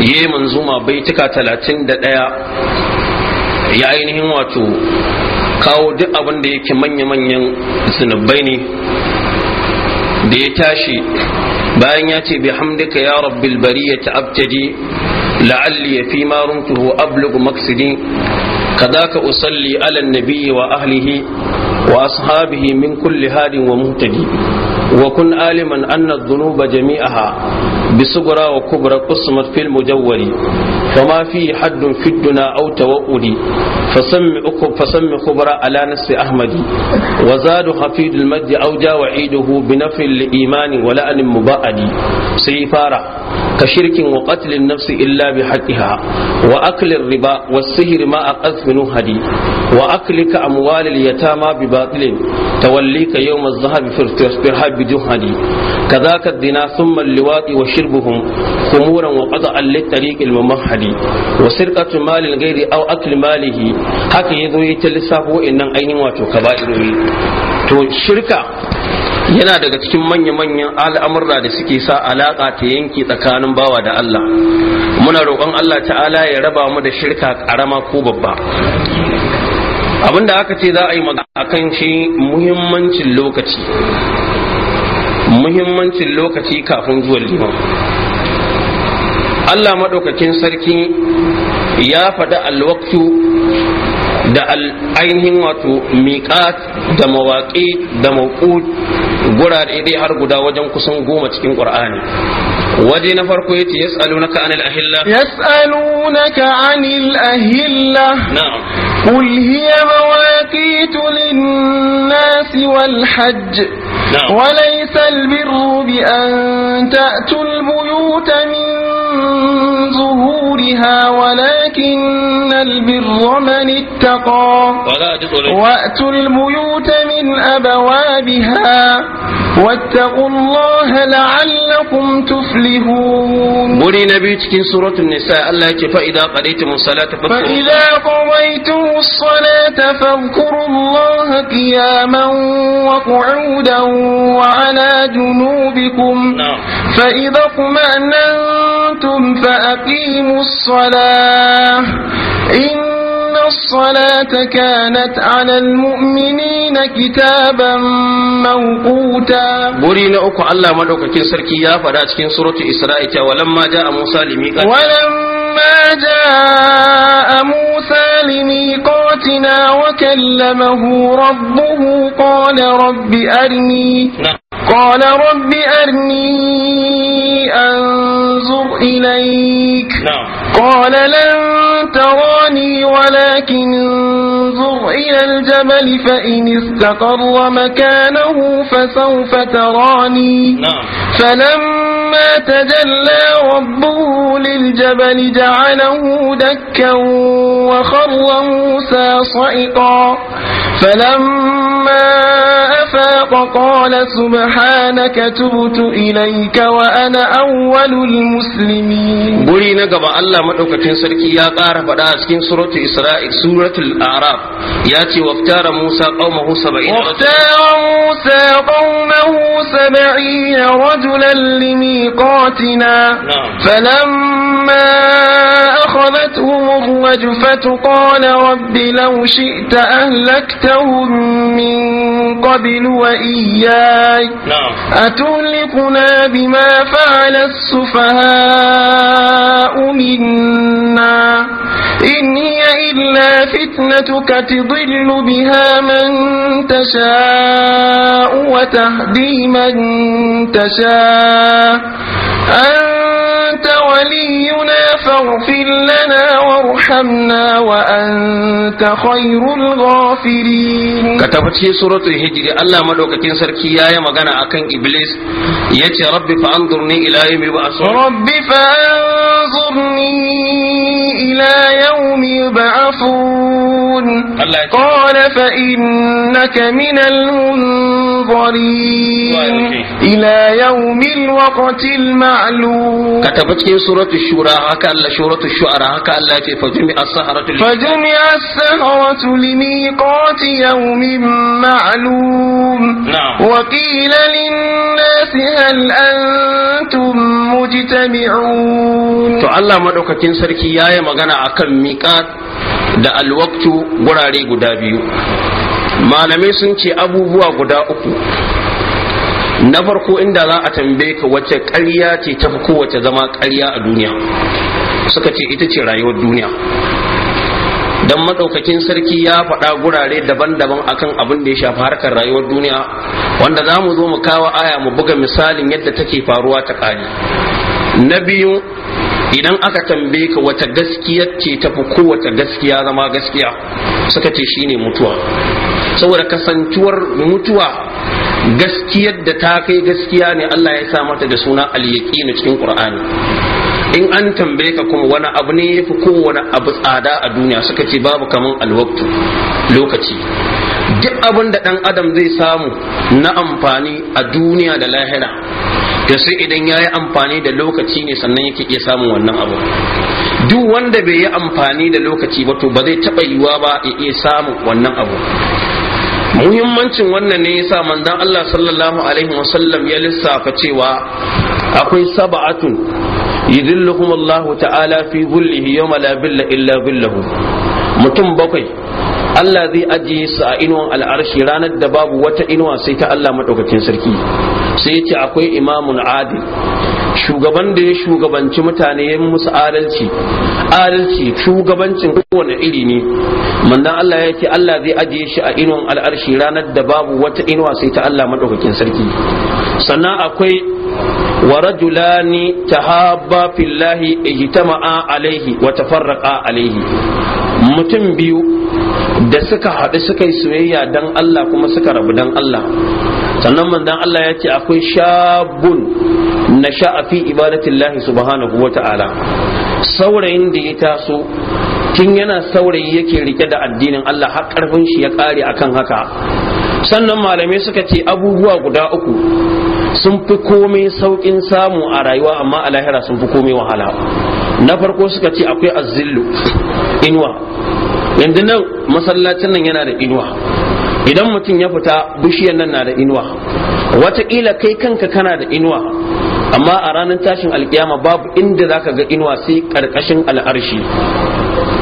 yi zuma baituka talatin da ɗaya ya ainihin wato kawo duk abin da yake manya-manyan zunubai ne da ya tashi bayan ya ce bi hamdika ya rabbil ya abtadi la'alli fi ma rumtuhu ablugu maksidi كذاك wa على النبي وأهله وأصحابه من كل wa ومهتدي وكن عالما أن الذنوب جميعها بصغرى وكبرى قسمت في المجول فما فيه حد في الدنا أو توؤد فسم فسم خبرى على نفس أحمد وزاد خفيد المد أو جا وعيده بنفي الإيمان ولأن مبعد سيفارة ka shirkin wa qatlin nafsi illa bi haqqiha wa aklir riba wa sihr ma aqathminu hadi wa aklika amwalil ma bi batilin tawallika yawm az-zahab firhab bi juhadi kadhaka ad-dina thumma al-liwati wa shirbuhum khumuran wa qada'an lit-tariq al-mumahhadi wa sirqatu malil ghairi aw akl malihi haka yazo yi ta lissafo wa'annan ainihin wato kaba'iroyi to shirka yana daga cikin manya-manyan al'amurra da suke sa alaƙa ta yanki tsakanin bawa da Allah muna roƙon Allah ta'ala ya raba mu da shirka ƙarama ko babba abinda aka ce za a yi magana akan shi muhimmancin lokaci muhimmancin lokaci kafin zuwan liman Allah maɗaukakin sarki ya faɗi alwaktu da ainihin wato miƙat da mawaƙi da mauƙud gurare dai har guda wajen kusan goma cikin qur'ani waje na farko yace yas'alunaka anil ahilla yas'alunaka anil ahilla na'am qul hiya mawaqitu lin-nas wal-hajj وليس البر بأن تأتوا البيوت من عليها ولكن البر من اتقى وأتوا البيوت من أبوابها واتقوا الله لعلكم تفلحون بني نبيتك سورة النساء الله فإذا قضيتم الصلاة فاذكروا فإذا قضيتم الصلاة فاذكروا الله قياما وقعودا وعلى جنوبكم نعم. فإذا اطمأننتم ربكم فأقيموا الصلاة إن الصلاة كانت على المؤمنين كتابا موقوتا برين نأكو الله ملوك كن سركي يا فدات كن سورة إسرائيل ولما جاء موسى لميقاتنا ولما جاء موسى لميقاتنا وكلمه ربه قال رب أرني نعم. قال رب أرني أنظر إليك نعم قال لن تراني ولكن انظر إلى الجبل فإن استقر مكانه فسوف تراني نعم. فلما تجلى ربه للجبل جعله دكا وخر موسى صعقا فلما أفاق قال سبحانك تبت إليك وأنا أول المسلمين برينا قبل الله Allah madaukakin sarki ya ƙara faɗa a cikin suratul Isra'il suratul Araf ya ce waftara Musa qaumahu 70 waftara Musa qaumahu 70 rajulan limiqatina falamma akhadathum الرجفة قال رب لو شئت أهلكتهم من قبل وإياي أتهلكنا بما فعل السفهاء منا منا إن هي إلا فتنتك تضل بها من تشاء وتهدي من تشاء أنت ولينا فاغفر لنا وارحمنا وأنت خير الغافرين كتبت سورة الهجر الله ملوك سركي يا مغانا أكن إبليس يتي ربي فأنظرني إلى يوم يبعثون ربي فأنظرني إلى يوم يبعثون قال فإنك من المنظرين إلى يوم الوقت المعلوم كتبت سورة الشورى la shuratu shu'ara haka Allah ya ce fa as-saharatu fa as-saharatu li miqati yawmin ma'lum wa qila lin-nasi hal antum mujtami'un to Allah madaukakin sarki yayi magana akan miqat da al-waqtu gurare guda biyu malamai sun ce abubuwa guda uku na farko inda za a tambaye ka wacce ƙarya ce ta fi kowace zama ƙarya a duniya suka ce ita ce rayuwar duniya dan madaukakin sarki ya faɗa gurare daban-daban akan abin da ya shafi harkar rayuwar duniya wanda za mu zo mu kawo aya mu buga misalin yadda take faruwa ta ƙari na biyu idan aka tambaye ka wata gaskiya ce tafi kowace gaskiya zama gaskiya suka ce shine mutuwa saboda kasantuwar mutuwa gaskiyar da ta kai gaskiya ne Allah ya sa mata da suna al cikin Qur'ani in an tambaye ka kuma wani abu ne ya fi kowane abu tsada a duniya suka ce babu kaman alwaktu lokaci duk abin da ɗan adam zai samu na amfani a duniya da lahira da sai idan ya yi amfani da lokaci ne sannan yake iya samun wannan abu duk wanda bai yi amfani da lokaci ba to ba zai taɓa yiwuwa ba ya iya samun wannan abu muhimmancin wannan ne yasa manzon Allah sallallahu alaihi wasallam ya lissafa cewa akwai sab'atun yudilluhum Allah ta'ala fi dhillihi yawma la illa dhilluhu mutum bakwai Allah zai ajiye su a inuwan al'arshi ranar da babu wata inuwa sai ta Allah madaukakin sarki sai ya akwai imamun a'di shugaban da ya shugabanci mutane ya musu adalci adalci shugabancin kowane iri ne manzon Allah ya ce Allah zai ajiye shi a inuwan al'arshi ranar da babu wata inuwa sai ta Allah madaukakin sarki sannan akwai wa rajulani tahabba fillahi ijtama'a alaihi wa tafarraqa alaihi mutum biyu da suka haɗu suka yi soyayya dan Allah kuma suka rabu dan Allah sannan manzon Allah ya ce akwai shabun na sha'afi ibadatillahi subhanahu wa saurayin da ya taso kin yana saurayi yake rike da addinin Allah har karfin shi ya kare akan haka sannan malamai suka ce abubuwa guda uku sun fi komai saukin samu a rayuwa amma a lahira sun fi komai wahala na farko suka ce akwai azillu inuwa yanzu nan masallacin nan yana da inuwa idan mutum ya fita bishiyar nan na da inuwa wataƙila kai kanka kana da inuwa amma a ranar tashin alkiyama babu inda za ka ga inuwa sai ƙarƙashin al'arshi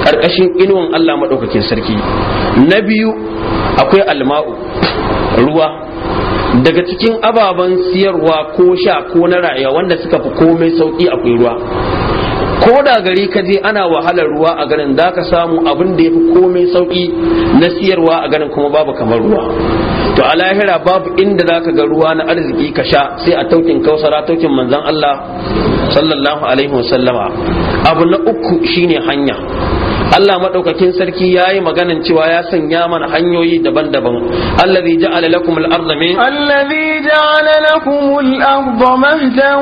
ƙarƙashin inuwan Allah maɗaukakin sarki na biyu akwai alma'u ruwa daga cikin ababen siyarwa ko sha ko na rayuwa wanda suka fi komai sauki akwai ruwa ko da gari ka je ana wahalar ruwa a garin za ka samu abin da ya fi komai sauki na siyarwa a garin kuma babu kamar ruwa to a lahira babu inda za ka ga ruwa na arziki ka sha sai a taukin kausara taukin manzan Allah sallallahu alaihi wasallama abu na uku shine hanya Allah maɗaukakin sarki ya yi maganin cewa ya sanya mana hanyoyi daban-daban Allah zai allazi ja'ala lakum al-ardha min allazi ja'ala lakum al-ardha mahdan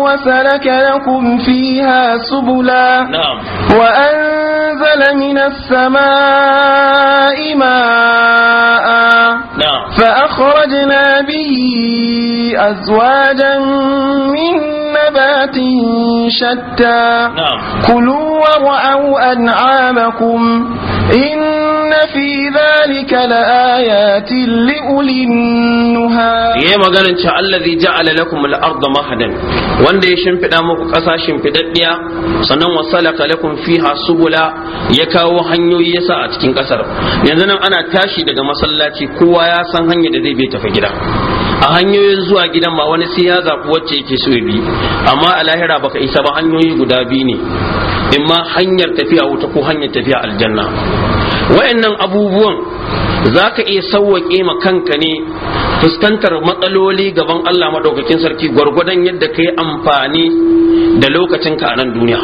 wa salaka lakum fiha subula na'am wa anzala minas samaa'i ma'a na'am fa akhrajna bihi azwajan min نبات شتى نعم كلوا وارعوا أنعاما أنعامكم إن في ذلك لآيات لأولي النهى يا مغانا الذي جعل لكم الأرض مهدا wanda ya shimfiɗa muku ƙasa shimfiɗaɗɗiya sannan wasalaka lakum fiha subula ya kawo hanyoyi ya sa a cikin ƙasar yanzu nan ana tashi daga masallaci kowa ya san hanyar da zai bai tafa gida a hanyoyin zuwa gidan ma wani sai ya zaɓi yake so ya bi amma a lahira baka isa ba hanyoyi guda biyu ne in ma hanyar tafiya wuta ko hanyar tafiya aljanna wayannan abubuwan za ka iya sauwaƙe ma kanka ne fuskantar matsaloli gaban Allah maɗaukakin sarki gwargwadon yadda ka yi amfani da lokacinka a nan duniya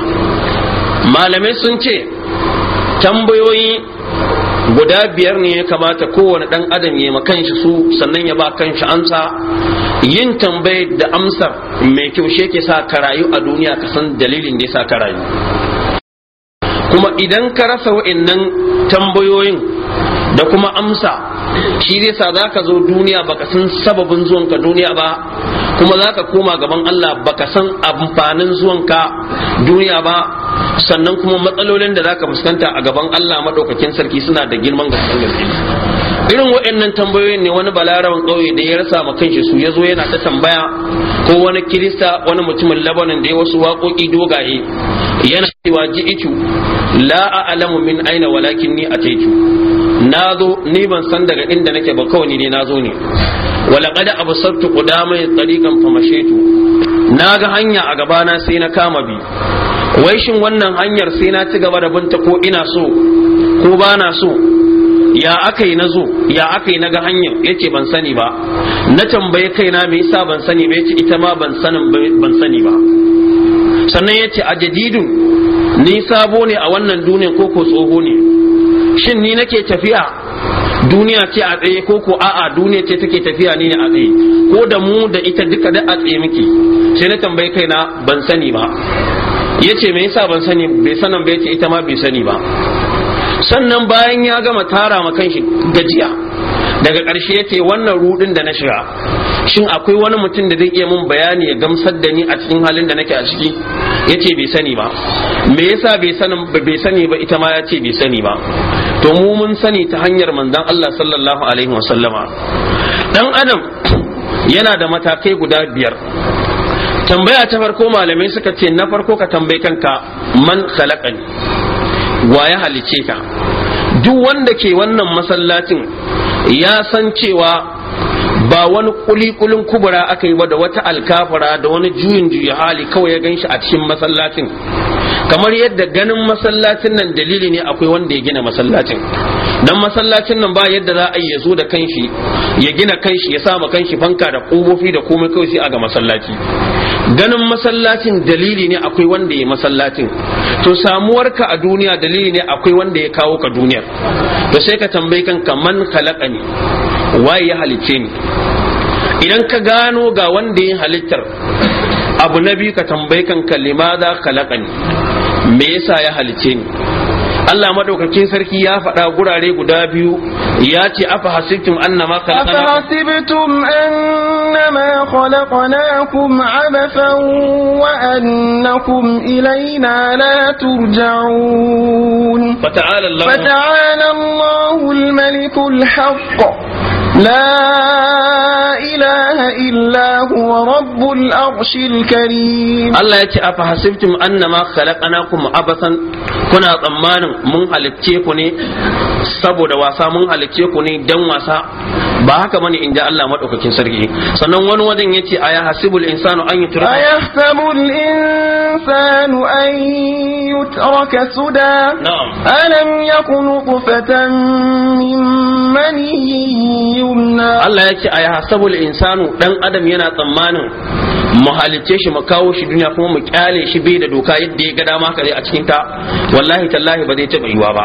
malamai sun ce tambayoyi guda biyar ne ya kamata kowane ɗan adam ya ma kanshi su sannan ya ba kanshi amsa yin tambayar da amsar mai kyau shi ke sa ka rayu a duniya ka san dalilin da ya ka rayu kuma idan ka rasa wa'annan tambayoyin da kuma amsa shi zai sa za ka zo duniya baka san sababin zuwanka duniya ba kuma za ka koma gaban Allah baka san amfanin zuwanka duniya ba sannan kuma matsalolin da za ka fuskanta a gaban Allah maɗaukakin sarki suna da girman gaske irin waɗannan tambayoyin ne wani balaraban ƙauye da ya rasa ma kanshi su ya zo yana ta tambaya ko wani kirista wani mutumin labanin da ya wasu waƙoƙi dogaye yana cewa icu. la a'lamu min aina walakin ni a Na nazo ni ban san daga inda nake ba kawai ni zo ne walaqad absartu qudamay tariqan Na ga hanya a gabana sai na kama bi wai shin wannan hanyar sai na ci gaba da binta ko ina so ko ba na so ya aka yi na zo ya aka yi na ga hanyar yace ban sani ba na tambaye kaina me yasa ban sani ba yace ita ma ban sanin ban sani ba sannan yace a jadidun ni sabo ne a wannan duniya ko ko tsoho ne shin ni nake tafiya duniya ce a tsaye ko ko a'a duniya ce take tafiya ni ne a tsaye ko da mu da ita duka da a tsaye muke sai na tambayi kaina ban sani ba yace me yasa ban sani bai sanan ba yace ita ma bai sani ba sannan bayan ya gama tara ma kanshi gajiya daga ƙarshe ya ce wannan rudin da na shiga shin akwai wani mutum da zai iya mun bayani ya gamsar da ni a cikin halin da nake a ciki ya ce bai sani ba me yasa bai sani ba ita ma ya ce bai sani ba to mu mun sani ta hanyar manzon Allah sallallahu alaihi wasallama dan adam yana da matakai guda biyar tambaya ta farko malamai suka ce na farko ka tambayi kanka man khalaqani wa ya halice ka duk wanda ke wannan masallacin ya san cewa ba wani kulikulin kubura aka yi ba da wata alkafara da wani juyin juyi hali kawai ya ganshi a cikin masallacin kamar yadda ganin masallacin nan dalili ne akwai wanda ya gina masallacin dan masallacin nan ba yadda za a yi ya zo da kanshi ya gina kanshi ya sama kanshi fanka da kofofi da komai kawai sai a ga masallaci ganin masallacin dalili ne akwai wanda ya masallacin to samuwarka a duniya dalili ne akwai wanda ya kawo ka duniyar to sai ka tambayi kanka man khalaqani waye ya halicce ni idan ka gano ga wanda ya halittar abu na biyu ka tambayi kanka limada khalaqani me yasa ya halice ni Allah madaukakin sarki ya faɗa gurare guda biyu ya ce afa hasibtum annama khalaqnakum afa hasibtum annama khalaqnakum abathan wa annakum ilayna la turja'un fata'ala Allah fata'ala Allahu al haqq لا إله إلا هو رب العرش الكريم الله يتي أفحسبتم أنما خلقناكم عبثا كنا ضمان من هلتيكني saboda wasa mun halicce ku ne dan wasa ba haka bane inda Allah madaukakin sarki sannan wani wajen yace aya hasibul insanu an yutraka aya hasibul insanu an yutraka suda alam yakunu qufatan min mani yumna Allah yace aya hasibul yahsabul insanu dan adam yana tsammanin mu halicce shi mu kawo shi duniya kuma mu kyale shi bai da doka yadda ya ga dama kare a cikin ta wallahi tallahi ba zai taba yiwa ba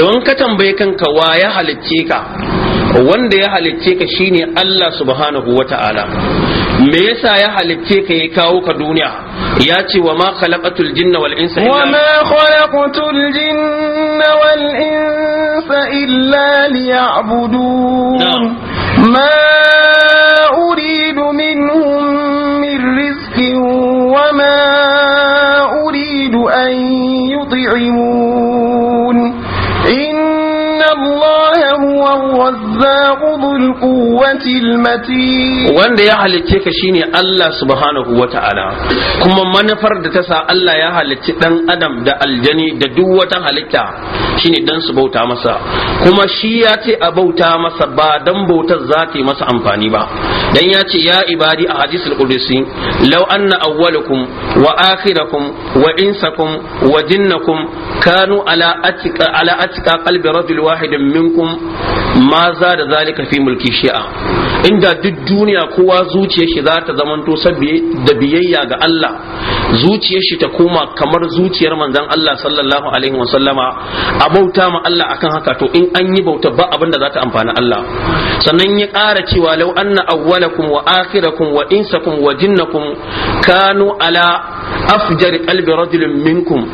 Da in ka tambaye kanka wa ya halicce ka wanda ya halicce ka shine Allah subhanahu wata'ala me yasa ya halicce ka ya kawo ka duniya ya ce wa ma khalaqatul jinna wal insa illa wa ma khalaqatul jinna wal insa illa liya'budun ما أريد منهم من رزق وما أريد أن يطعمون الرزاق wanda ya halicce ka shine Allah subhanahu wataala kuma manufar da ta sa Allah ya halicci dan adam da aljani da duk wata halitta shine dan su bauta masa kuma shi ya ce a bauta masa ba dan bautar za yi masa amfani ba dan ya ce ya ibadi a hadisul qudsi law anna wa akhirakum wa insakum wa jinnakum kanu ala atika ala atika qalbi rajul wahidin minkum ma za da zalika fi mulki shi'a inda duk duniya kowa zuciyar shi za ta zamanto da biyayya ga Allah zuciyar shi ta koma kamar zuciyar manzon Allah sallallahu alaihi wa sallama a bauta ma Allah akan haka to in an yi bauta ba abinda za ta amfana Allah sannan ya ƙara cewa lau anna awwalakum wa akhirakum wa insakum wa jinnakum kanu ala afjar qalbi rajulin minkum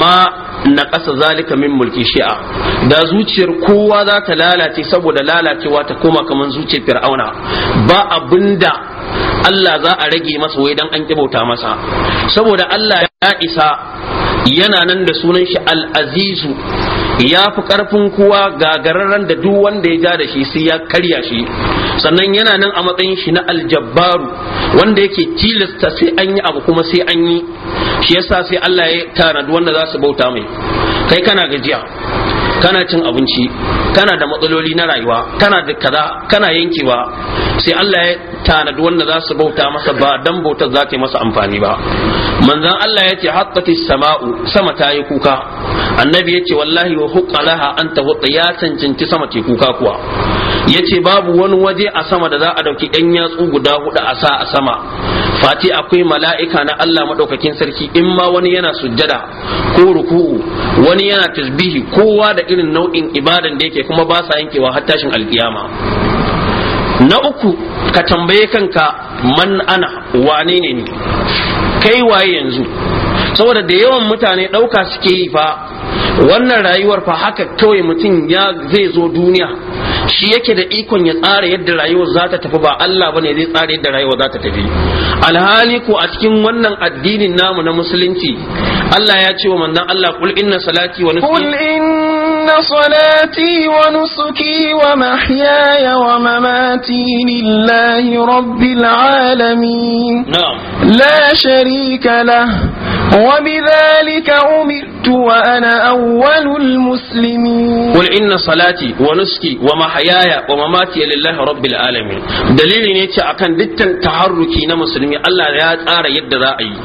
ma na ƙasa zalika min mulki shi'a da zuciyar kowa za ta lalace saboda lalacewa ta koma kamar zuciyar fir'auna ba abinda Allah za a rage masa wai dan an kibauta masa saboda Allah ya isa yana nan da sunan shi al-azizu ya fi karfin kuwa gagararren da duk wanda ya ja da shi sai ya karya shi sannan yana nan a matsayin shi na aljabbaru wanda yake tilasta sai an yi abu kuma sai an yi shi yasa sai Allah ya tara duk wanda za su bauta mai kai kana gajiya kana cin abinci kana da matsaloli na rayuwa kana da kaza kana yankewa sai Allah ya tanadi wanda za su bauta masa ba dan bautar za ta yi masa amfani ba manzan Allah ya ce haqqati sama'u sama ta yi kuka annabi ya ce wallahi wa huqqalaha an huqqa ya cancanci sama ce kuka kuwa ya ce babu wani waje a sama da za a dauki yan yatsu guda hudu a sa a sama fati akwai mala'ika na Allah madaukakin sarki in ma wani yana sujjada ko ruku'u wani yana tasbihi kowa da irin nau'in ibadan da yake kuma ba sa yankewa har tashin alkiyama na uku ka tambaye kanka man ana wane ne ni kai waye yanzu saboda da yawan mutane ɗauka suke yi fa wannan rayuwar fa haka kawai mutum ya zai zo duniya shi yake da ikon ya tsara yadda rayuwar za ta tafi ba Allah bane zai tsara yadda rayuwar za ta tafi alhali ko a cikin wannan addinin namu na musulunci Allah ya ce wa manzon Allah kul inna salati wa nusuki إن صلاتي ونسكي ومحياي ومماتي لله رب العالمين نعم. لا شريك له وبذلك أمرت وأنا أول المسلمين قل إن صلاتي ونسكي ومحياي ومماتي لله رب العالمين دليل نيتي أكن دتن تحركي نمسلمي الله لا يتعار يد رأيي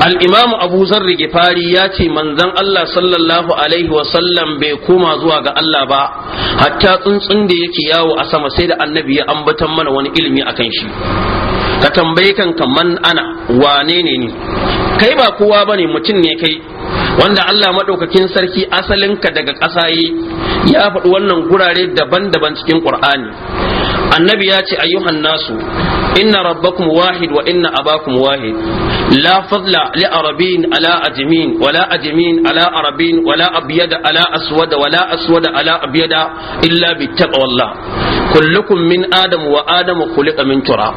al'imam abu zarri gifari ya ce manzan Allah sallallahu alaihi wasallam bai koma zuwa ga Allah ba hatta tsuntsun da yake yawo a sama sai da annabi ya ambatan mana wani ilimi akan shi ka tambaye kanka man ana wane ne ni kai ba kowa ba ne mutum ne kai wanda Allah maɗaukakin sarki asalinka daga ƙasa ya faɗi wannan gurare daban-daban cikin ƙur'ani annabi ya ce ayyuhan nasu inna rabbakum wahid wa inna abakum wahid la fadla li arabin ala ajmin wala ajmin ala arabin wala abyada ala aswad wala aswad ala abyada illa bi taqwallah kullukum min adam wa adam khuliqa min tura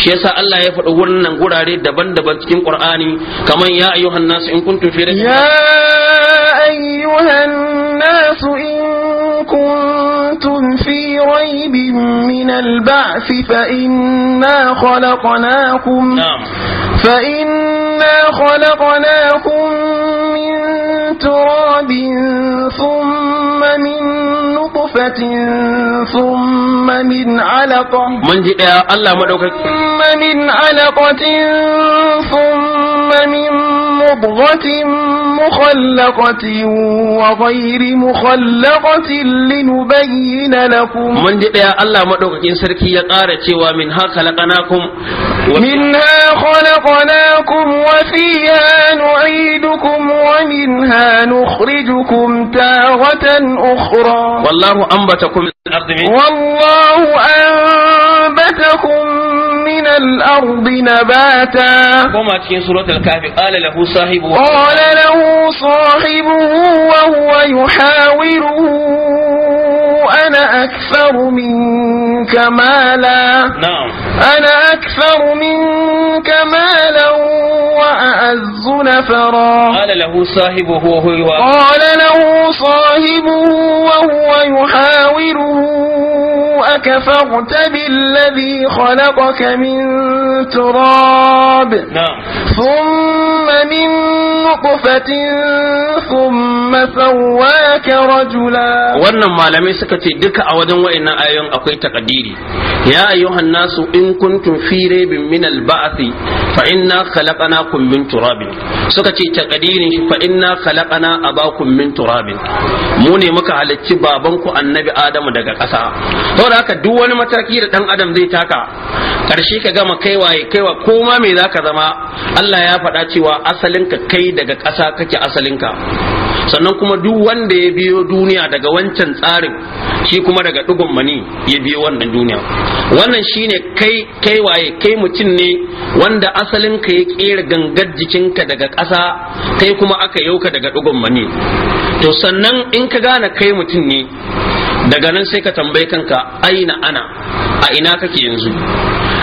shi yasa Allah ya faɗi wannan gurare daban-daban cikin Qur'ani kaman ya ayyuhan nasu in kuntum fi ya ayyuhan قريب من البعث فإنا خلقناكم نعم. فإنا خلقناكم من تراب ثم من ثم من علقة من جاء الله مدوكك ثم من علقة ثم من مضغة مخلقة وغير مخلقة لنبين لكم من جاء الله مدوكك إن سركي يقارة ومنها خلقناكم منها خلقناكم وفيها نعيدكم ومنها نخرجكم تارة أخرى والله أنبتكم من الأرض من والله أنبتكم من الأرض نباتا وما تكين سورة الكهف قال له صاحبه قال له صاحبه وهو يحاوره أنا أكثر منك مالا نعم أنا أكثر منك مالا وأعز نفرا قال له صاحبه وهو قال له صاحبه وهو يحاوره أكفرت بالذي خلقك من تراب نعم. ثم من نقفة ثم سواك رجلا wannan malamai suka ce duka a wajen wayannan ayoyin akwai takadiri ya ayyuhan nasu in kuntum fi raibin min al ba'thi fa inna khalaqnakum min turabin suka ce takadirin shi fa inna khalaqna abakum min turabin mu ne muka halacci baban ku annabi adamu daga ƙasa da haka duk wani mataki da dan adam zai taka karshe ka gama kaiwa kaiwa koma me zaka zama Allah ya faɗa cewa asalinka kai daga ƙasa kake asalinka sannan kuma duk wanda ya biyo duniya daga wancan tsarin shi kuma daga dugun mani ya biyo wannan duniya wannan shine kai kai waye kai mutum ne wanda asalin ka ya kera gangar jikinka daga ƙasa kai kuma aka yauka daga dugun mani to sannan in ka gane kai mutum ne daga nan sai ka tambaye kanka aina ana a ina kake yanzu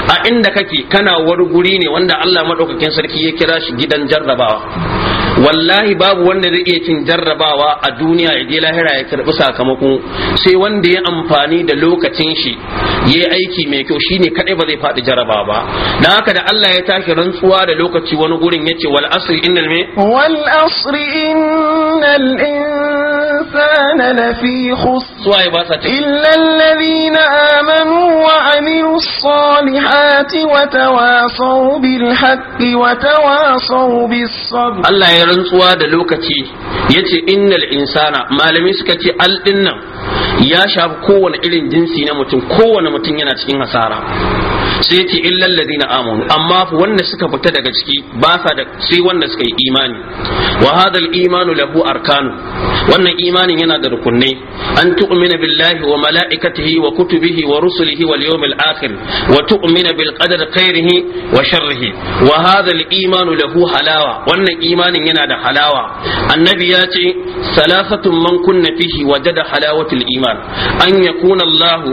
a inda kake kana wani guri ne wanda Allah madaukakin sarki ya kira shi gidan jarrabawa wallahi babu wanda zai iya cin jarrabawa a duniya ya je lahira ya karbi sakamako sai wanda ya amfani da lokacin shi ya yi aiki mai kyau shine kadai ba zai faɗi jarraba ba na haka da Allah ya tashi rantsuwa da lokaci wani gurin yace wal asri innal me wal asri innal الإنسان لفي خسر إلا الذين آمنوا وعملوا الصالحات وتواصوا بالحق وتواصوا بالصبر الله يرنسوا da lokaci yace innal insana malami suka ce al ya shafi kowane irin jinsi na mutum kowane mutum yana cikin hasara sai in illal ladina amanu amma wanda suka fita daga ciki ba sa da sai wanda suka yi imani wa hadal imanu lahu arkanu wannan imanin yana da rukunne an tu'mina billahi wa mala'ikatihi wa kutubihi wa rusulihi wal yawmil akhir wa tu'mina bil qadar khairihi wa sharrihi wa hadal imanu lahu halawa wannan imanin yana da halawa annabi ya ce salasatun man kunna fihi wajada halawatul iman an yakuna Allah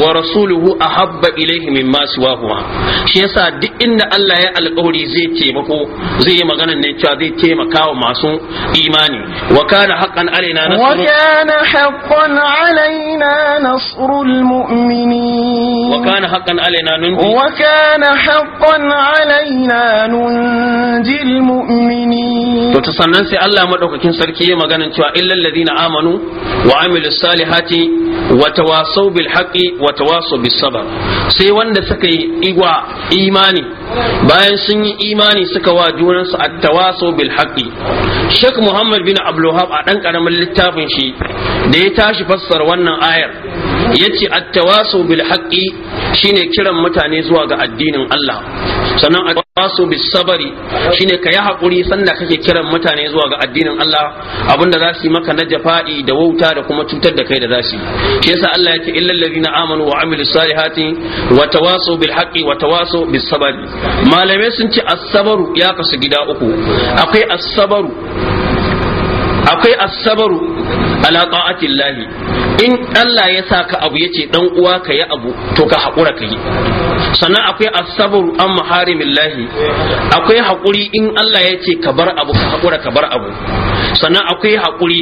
wa rasuluhu ahabba ilayhi mimma siwa nasarahuma shi yasa duk inda Allah ya alƙawari zai taimako zai yi maganar ne cewa zai taimaka wa masu imani wa kana haqqan alaina nasru wa kana haqqan alaina nasrul mu'minin wa kana haqqan alaina nunji wa kana haqqan alaina nunjil mu'minin to ta sannan sai Allah madaukakin sarki ya maganar cewa illal ladina amanu wa amilus salihati wa tawasaw bil haqqi wa tawasaw bis sabr sai wanda suka yi igwa imani bayan sun yi imani suka wa junansu attawaso bil haqqi Sheikh Muhammad bin abdulwahab a ɗan ƙaramin littafin shi da ya tashi fassara wannan ayar yace at-tawasu bil haqqi shine kiran mutane zuwa ga addinin Allah sannan at-tawasu bis sabri shine ka hakuri sannan kake kiran mutane zuwa ga addinin Allah abinda za su yi maka na jafa'i da wauta da kuma cutar da kai da za shi. yasa Allah yake illal ladina amanu wa amilus salihati wa tawasu bil haqqi wa tawasu bis sabri malamai sun ce as-sabru ya kasu gida uku akwai as-sabru akwai as-sabru ala ta'atillahi in Allah ya sa ka abu yace dan uwa ka yi abu to ka haƙura ka yi sannan akwai asabar an maharimillahi akwai haƙuri in Allah ya ce ka bar abu ka haƙura ka bar abu sannan akwai haƙuri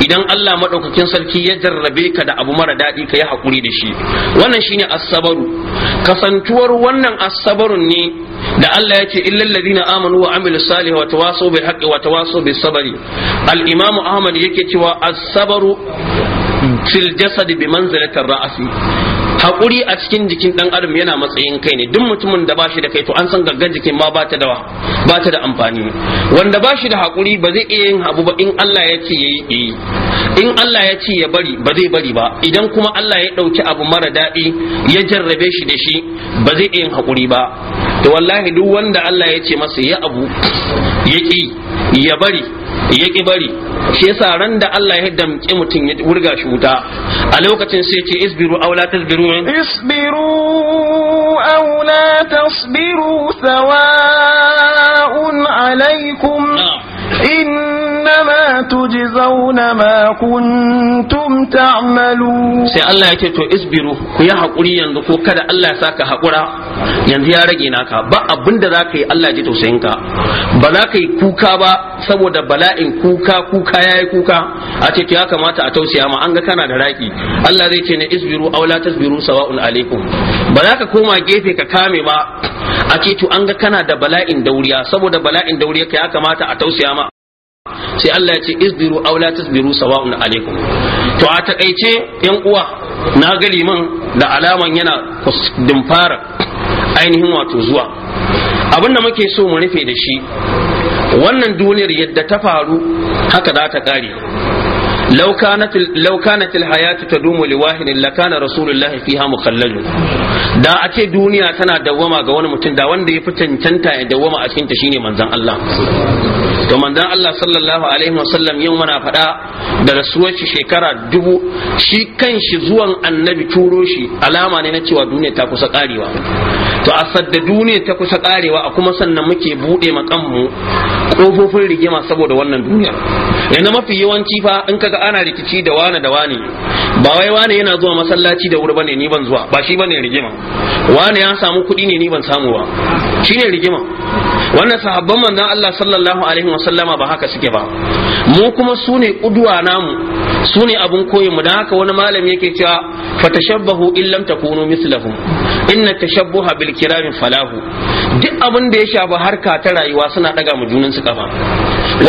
idan Allah maɗaukakin sarki ya jarrabe ka da abu mara daɗi ka yi haƙuri da shi wannan shine asabaru kasantuwar wannan asabarun ne da Allah ya ce illal ladina amanu wa amilus salihati wa tawasaw bil haqqi wa tawasaw bis sabri al imam ahmad yake cewa asabaru fil jasad bi manzilatir ra'si hakuri a cikin jikin dan adam yana matsayin kai ne duk mutumin da bashi da kai to an san gaggan jikin ma ba ta da ba ta da amfani wanda bashi da hakuri ba zai iya yin abu ba in Allah ya ce yayi yi in Allah ya ce ya bari ba zai bari ba idan kuma Allah ya dauki abu mara dadi ya jarrabe shi da shi ba zai iya yin hakuri ba to wallahi duk wanda Allah ya ce masa ya abu ya ki ya bari ya ki bari shi yasa ran da Allah ya damƙi mutum ya wurga shi wuta a lokacin sai ce isbiru aw la tasbiru isbiru aw la tasbiru sawa'un alaikum in Sai Allah ya ce to isbiru ku yi hakuri yanzu ko kada Allah ya sa ka yanzu ya rage naka ba abinda zaka yi Allah ya ce tausayinka ba za ka yi kuka ba saboda bala'in kuka kuka ya yi kuka a ce ta ya kamata a tausaya ma anga kana da raki Allah zai ce na isbiru awala tasbiru sawa'un alaikum aleku ba za ka koma gefe ka kame ba a ce ta anga kana da bala'in dauriya saboda bala'in dauriya ka ya kamata a tausaya ma. sai Allah ya ce isbiru aw la tasbiru sawa'un alaikum to a takaice yan uwa na ga liman da alaman yana dimfara ainihin wato zuwa abin da muke so mu rufe da shi wannan duniyar yadda ta faru haka za ta kare لو كانت لو كانت الحياة تدوم لواحد لكان رسول الله فيها مخلد da a ce duniya tana dawwama ga wani mutum da wanda ya fi cancanta ya dawwama a cikin ta shine manzon Allah to manzon Allah sallallahu alaihi wasallam yau muna faɗa da rasuwar shi shekara dubu shi kan shi zuwan annabi turo shi alama ne na cewa duniya ta kusa karewa to a sadda duniya ta kusa karewa a kuma sannan muke buɗe makanmu kofofin rigima saboda wannan duniyar yanzu mafi yawanci fa in kaga ana rikici da wani da wani ba wai wane yana zuwa masallaci da wuri bane ni ban zuwa ba shi bane rigima wani ya samu kuɗi ne ni ban samu ba shine rigima wannan sahabban manzon Allah sallallahu alaihi wasallama ba haka suke ba mu kuma su ne kuduwa namu su ne abun koyi mu dan haka wani malami yake cewa fatashabbahu in lam takunu mislahum inna tashabbuha bil kirami falahu duk abin da ya shafi harka ta rayuwa suna daga mu junan su kafa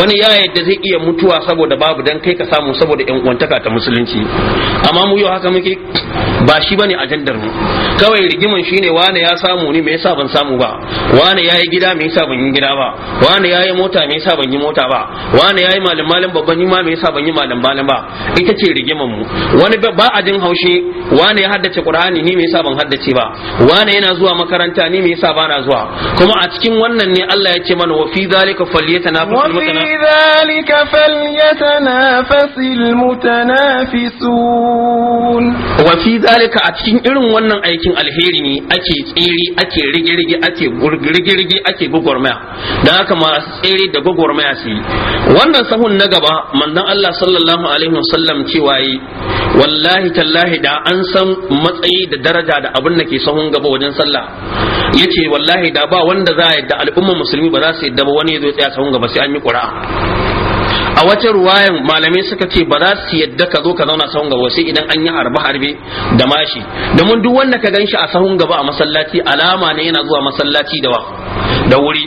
wani ya yadda zai iya mutuwa saboda babu dan kai ka samu saboda yan uwantaka ta musulunci amma mu yau haka muke ba shi bane ajandar mu kawai rigiman shine wane ya samu ni me yasa ban samu ba wane yayi gida me yasa ban yi gida ba wane yayi mota me yasa ban yi mota ba wane yayi malam malam babban yi ma me yasa ban yi malam malam ba ita ce rigiman mu wani ba a jin haushi wane ya haddace qur'ani ni me yasa ban haddace ba wane yana zuwa makaranta ni me yasa na zuwa kuma a cikin wannan ne Allah ya ce mana wa fi zalika falyatanafasul mutana fi zalika falyatanafasul mutanafisun wa fi zalika a cikin irin wannan aikin alheri ne ake tsere ake rigirgi ake gurgirgirgi ake gwagwarmaya da haka masu tsere da gwagwarmaya su yi wannan sahun na gaba manzon Allah sallallahu alaihi wasallam cewa yi wallahi tallahi da an san matsayi da daraja da abin da ke sahun gaba wajen sallah yace wallahi da ba wanda za a yadda al'umma musulmi ba za su yadda ba wani ya zo tsaye tsaya sahun gaba sai an yi ƙura'a a wata ruwayan malamai suka ce ba za su yadda ka zo ka zauna sahun gaba sai idan an yi harbe harbe da mashi domin duk wanda ka ganshi a sahun gaba a masallaci alama ne yana zuwa masallaci da wa da wuri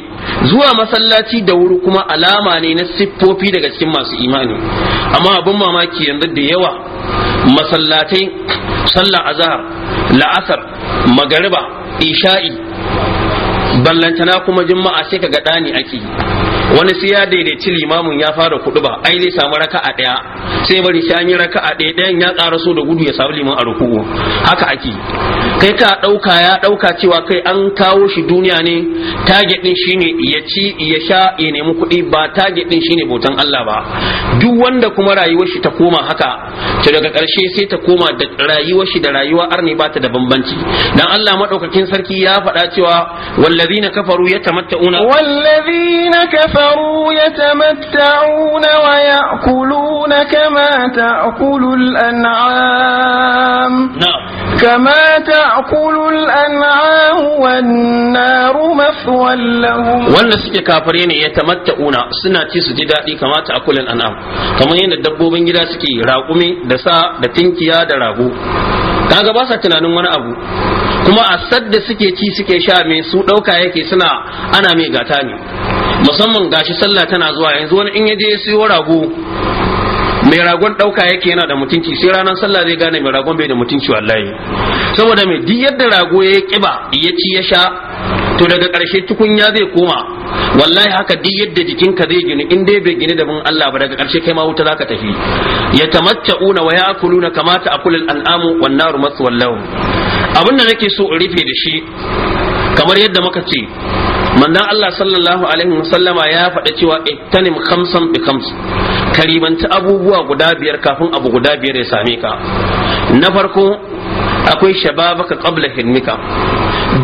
zuwa masallaci da wuri kuma alama ne na siffofi daga cikin masu imani amma abin mamaki yanzu da yawa masallatai sallar azhar la'asar magariba isha'i ballantana kuma juma'a sai ka ga ni ake yi. wani sai ya daidaici limamin ya fara kudu ba ai zai samu raka a daya sai bari shi an yi raka a daya dayan ya tsara so da gudu ya samu liman a ruku'u haka ake kai ka dauka ya dauka cewa kai an kawo shi duniya ne target din shine ya ci ya sha ya nemi kuɗi ba target din shine bautan Allah ba duk wanda kuma rayuwar shi ta koma haka to daga karshe sai ta koma da rayuwar shi da rayuwa arni ba ta da bambanci dan Allah madaukakin sarki ya faɗa cewa wallazina kafaru yatamatta'una wallazina kafaru كفروا يتمتعون ويأكلون كما تأكل الأنعام كما تأكل الأنعام والنار مثوى لهم wannan suke kafare ne ya tamatta'una suna ci su ji daɗi من ta'akul al'anam kamar yadda dabbobin gida kaga ba sa tunanin wani abu kuma a sadda suke ci suke sha mai su ɗauka yake suna ana mai gata ne musamman gashi sallah tana zuwa yanzu wani in yaje ya siyo rago mai ragon dauka yake yana da mutunci sai ranar sallah zai gane mai ragon bai da mutunci wallahi saboda mai duk yadda rago ya kiba ya ci ya sha to daga karshe tukunya zai koma wallahi haka duk yadda jikinka zai gini in dai bai gini da bin Allah ba daga karshe kai ma wuta zaka tafi ya tamatta'una wa ya'kuluna kama ta'kulul al'amu wan naru maswallahu abin da nake so in rufe da shi kamar yadda muka ce manzon Allah sallallahu alaihi wasallama ya faɗa cewa ittanim khamsan bi khams karibanci abubuwa guda biyar kafin abu guda biyar ya same ka na farko akwai shababaka qabla hinmika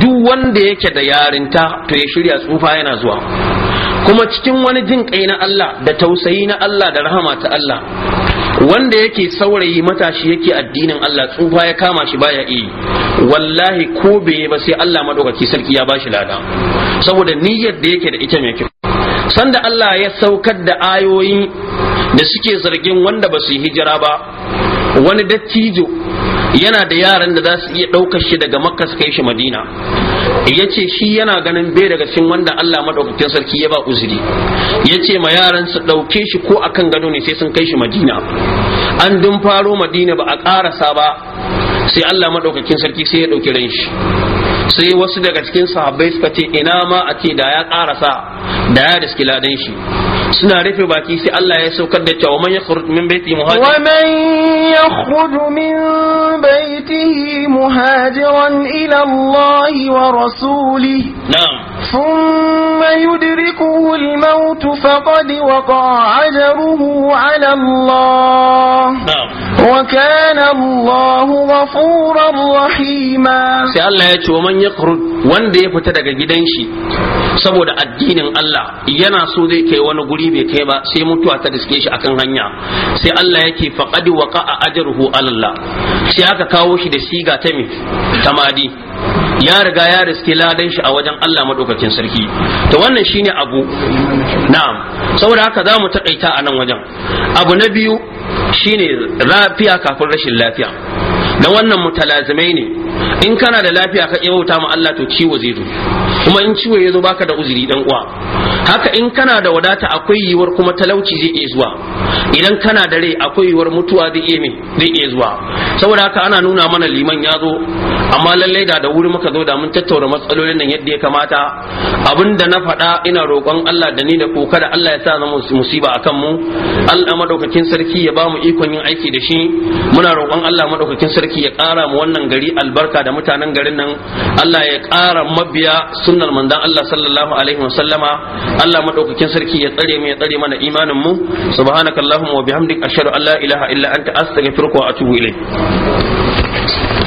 duk wanda yake da yarinta to ya shirya tsufa yana zuwa kuma cikin wani jin kai na Allah da tausayi na Allah da rahama ta Allah wanda yake saurayi matashi yake addinin Allah tsufa ya kama shi baya iya wallahi ko bai ba sai Allah madaukaki sarki ya bashi lada saboda niyyar da yake da ita mai kyau sanda Allah ya saukar da ayoyi da suke zargin wanda ba su yi hijira ba wani dattijo yana da yaran da za su iya ɗaukar shi daga makka su kai shi madina ya ce shi yana ganin bai daga cikin wanda Allah Maɗaukakin sarki ya ba uzuri ya ce ma yaran su ɗauke shi ko akan gado ne sai sun kai shi madina an dun faro madina ba a ƙarasa ba sai Allah madaukakin sarki sai ya ɗauki ran shi sai wasu daga cikin sahabbai suka ce ina ma a ce da ya karasa da ya riski ladan shi suna rufe baki sai Allah ya saukar da cewa man yakhruj min baiti muhajir wa man yakhruj min baitihi muhajiran ila Allah wa rasulih na'am ثم يدركه الموت فقد وقع أجره على الله وكان الله غفورا رحيما sai Allah ya ce man yaqrud wanda ya fita daga gidan shi saboda addinin Allah yana so zai kai wani guri bai kai ba sai mutuwa ta diske shi akan hanya sai Allah yake faqad waqa'a ajruhu ala Allah sai aka kawo shi da siga ta mi tamadi ya riga ya riske ladan shi a wajen Allah madaukakin sarki to wannan shine abu na'am saboda haka zamu mu takaita a nan wajen abu na biyu shine lafiya kafin rashin lafiya dan wannan mutalazimai ne in kana da lafiya ka wuta ma Allah to ciwo zai zo kuma in ciwo ya zo baka da uzuri dan uwa haka in kana da wadata akwai yiwuwar kuma talauci zai iya zuwa idan kana da rai akwai yiwuwar mutuwa zai iya zai iya zuwa saboda haka ana nuna mana liman ya zo amma lallai da da wuri muka zo da mun tattauna matsalolin nan yadda ya kamata abinda na faɗa ina roƙon Allah da ni da ku kada Allah ya sa zama musiba akan mu Allah madaukakin sarki ya ba mu ikon yin aiki da shi muna roƙon Allah madaukakin sarki sarki ya kara mu wannan gari albarka da mutanen garin nan Allah ya ƙara mabiya sunnar manzon Allah sallallahu alaihi wasallama Allah madaukakin sarki ya tsare mu ya tsare mana imanin mu subhanakallahumma wa bihamdika ashhadu an la ilaha illa anta astaghfiruka wa atubu ilayk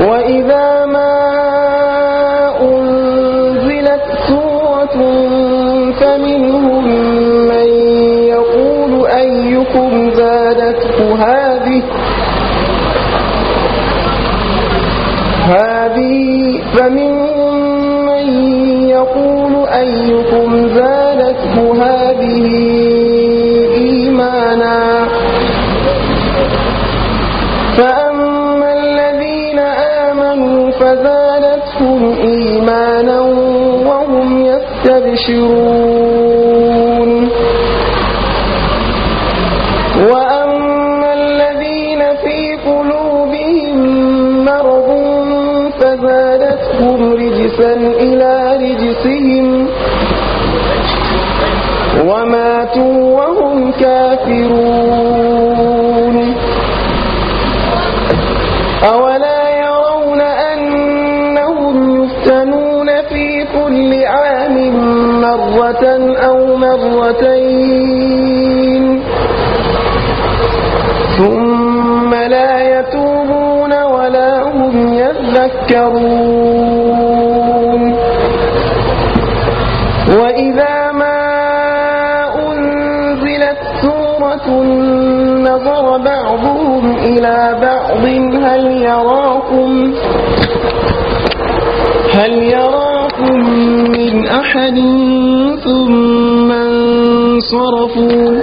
وإذا ما أنزلت سورة فمنهم من يقول أيكم زادته هذه هذه فمنهم من يقول أيكم زادته هذه فزالتهم إيمانا وهم يستبشرون وأما الذين في قلوبهم مرض فزالتهم رجسا إلى رجسهم وماتوا وهم كافرون أولم أو مرتين ثم لا يتوبون ولا هم يذكرون وإذا ما أنزلت سورة نظر بعضهم إلى بعض هل يراكم هل يراكم من أحد ثم انصرفوا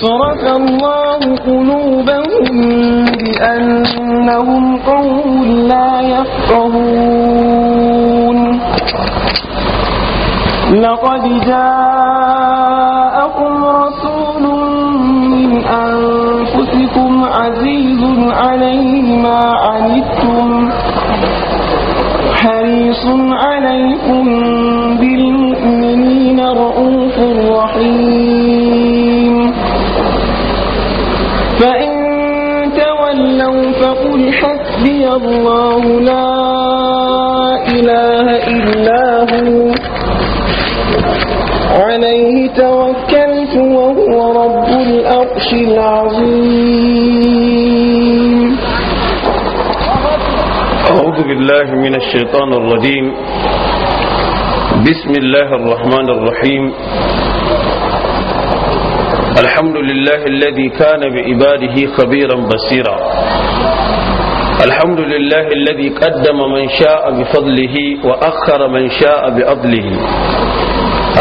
صرف الله قلوبهم بأنهم قوم لا يفقهون لقد جاءكم رسول من أنفسكم عزيز عليه ما عنتم حريص عليكم بالمؤمنين رؤوف رحيم فإن تولوا فقل حسبي الله لا إله إلا هو عليه توكلت وهو رب الأرش العظيم أعوذ بالله من الشيطان الرجيم بسم الله الرحمن الرحيم الحمد لله الذي كان بعباده خبيرا بصيرا الحمد لله الذي قدم من شاء بفضله وأخر من شاء بأضله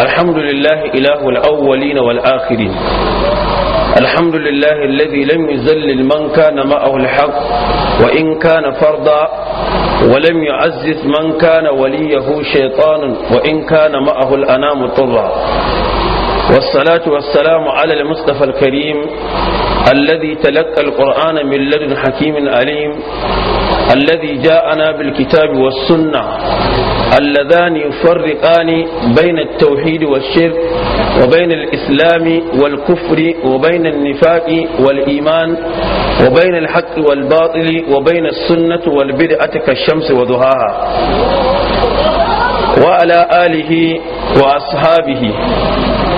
الحمد لله إله الأولين والآخرين الحمد لله الذي لم يذلل من كان معه الحق وإن كان فرضا ولم يعزز من كان وليه شيطان وإن كان معه الأنام طرا والصلاة والسلام على المصطفى الكريم الذي تلقى القرآن من لدن حكيم عليم الذي جاءنا بالكتاب والسنة اللذان يفرقان بين التوحيد والشرك وبين الإسلام والكفر وبين النفاق والإيمان وبين الحق والباطل وبين السنة والبدعة كالشمس وضحاها وعلى آله وأصحابه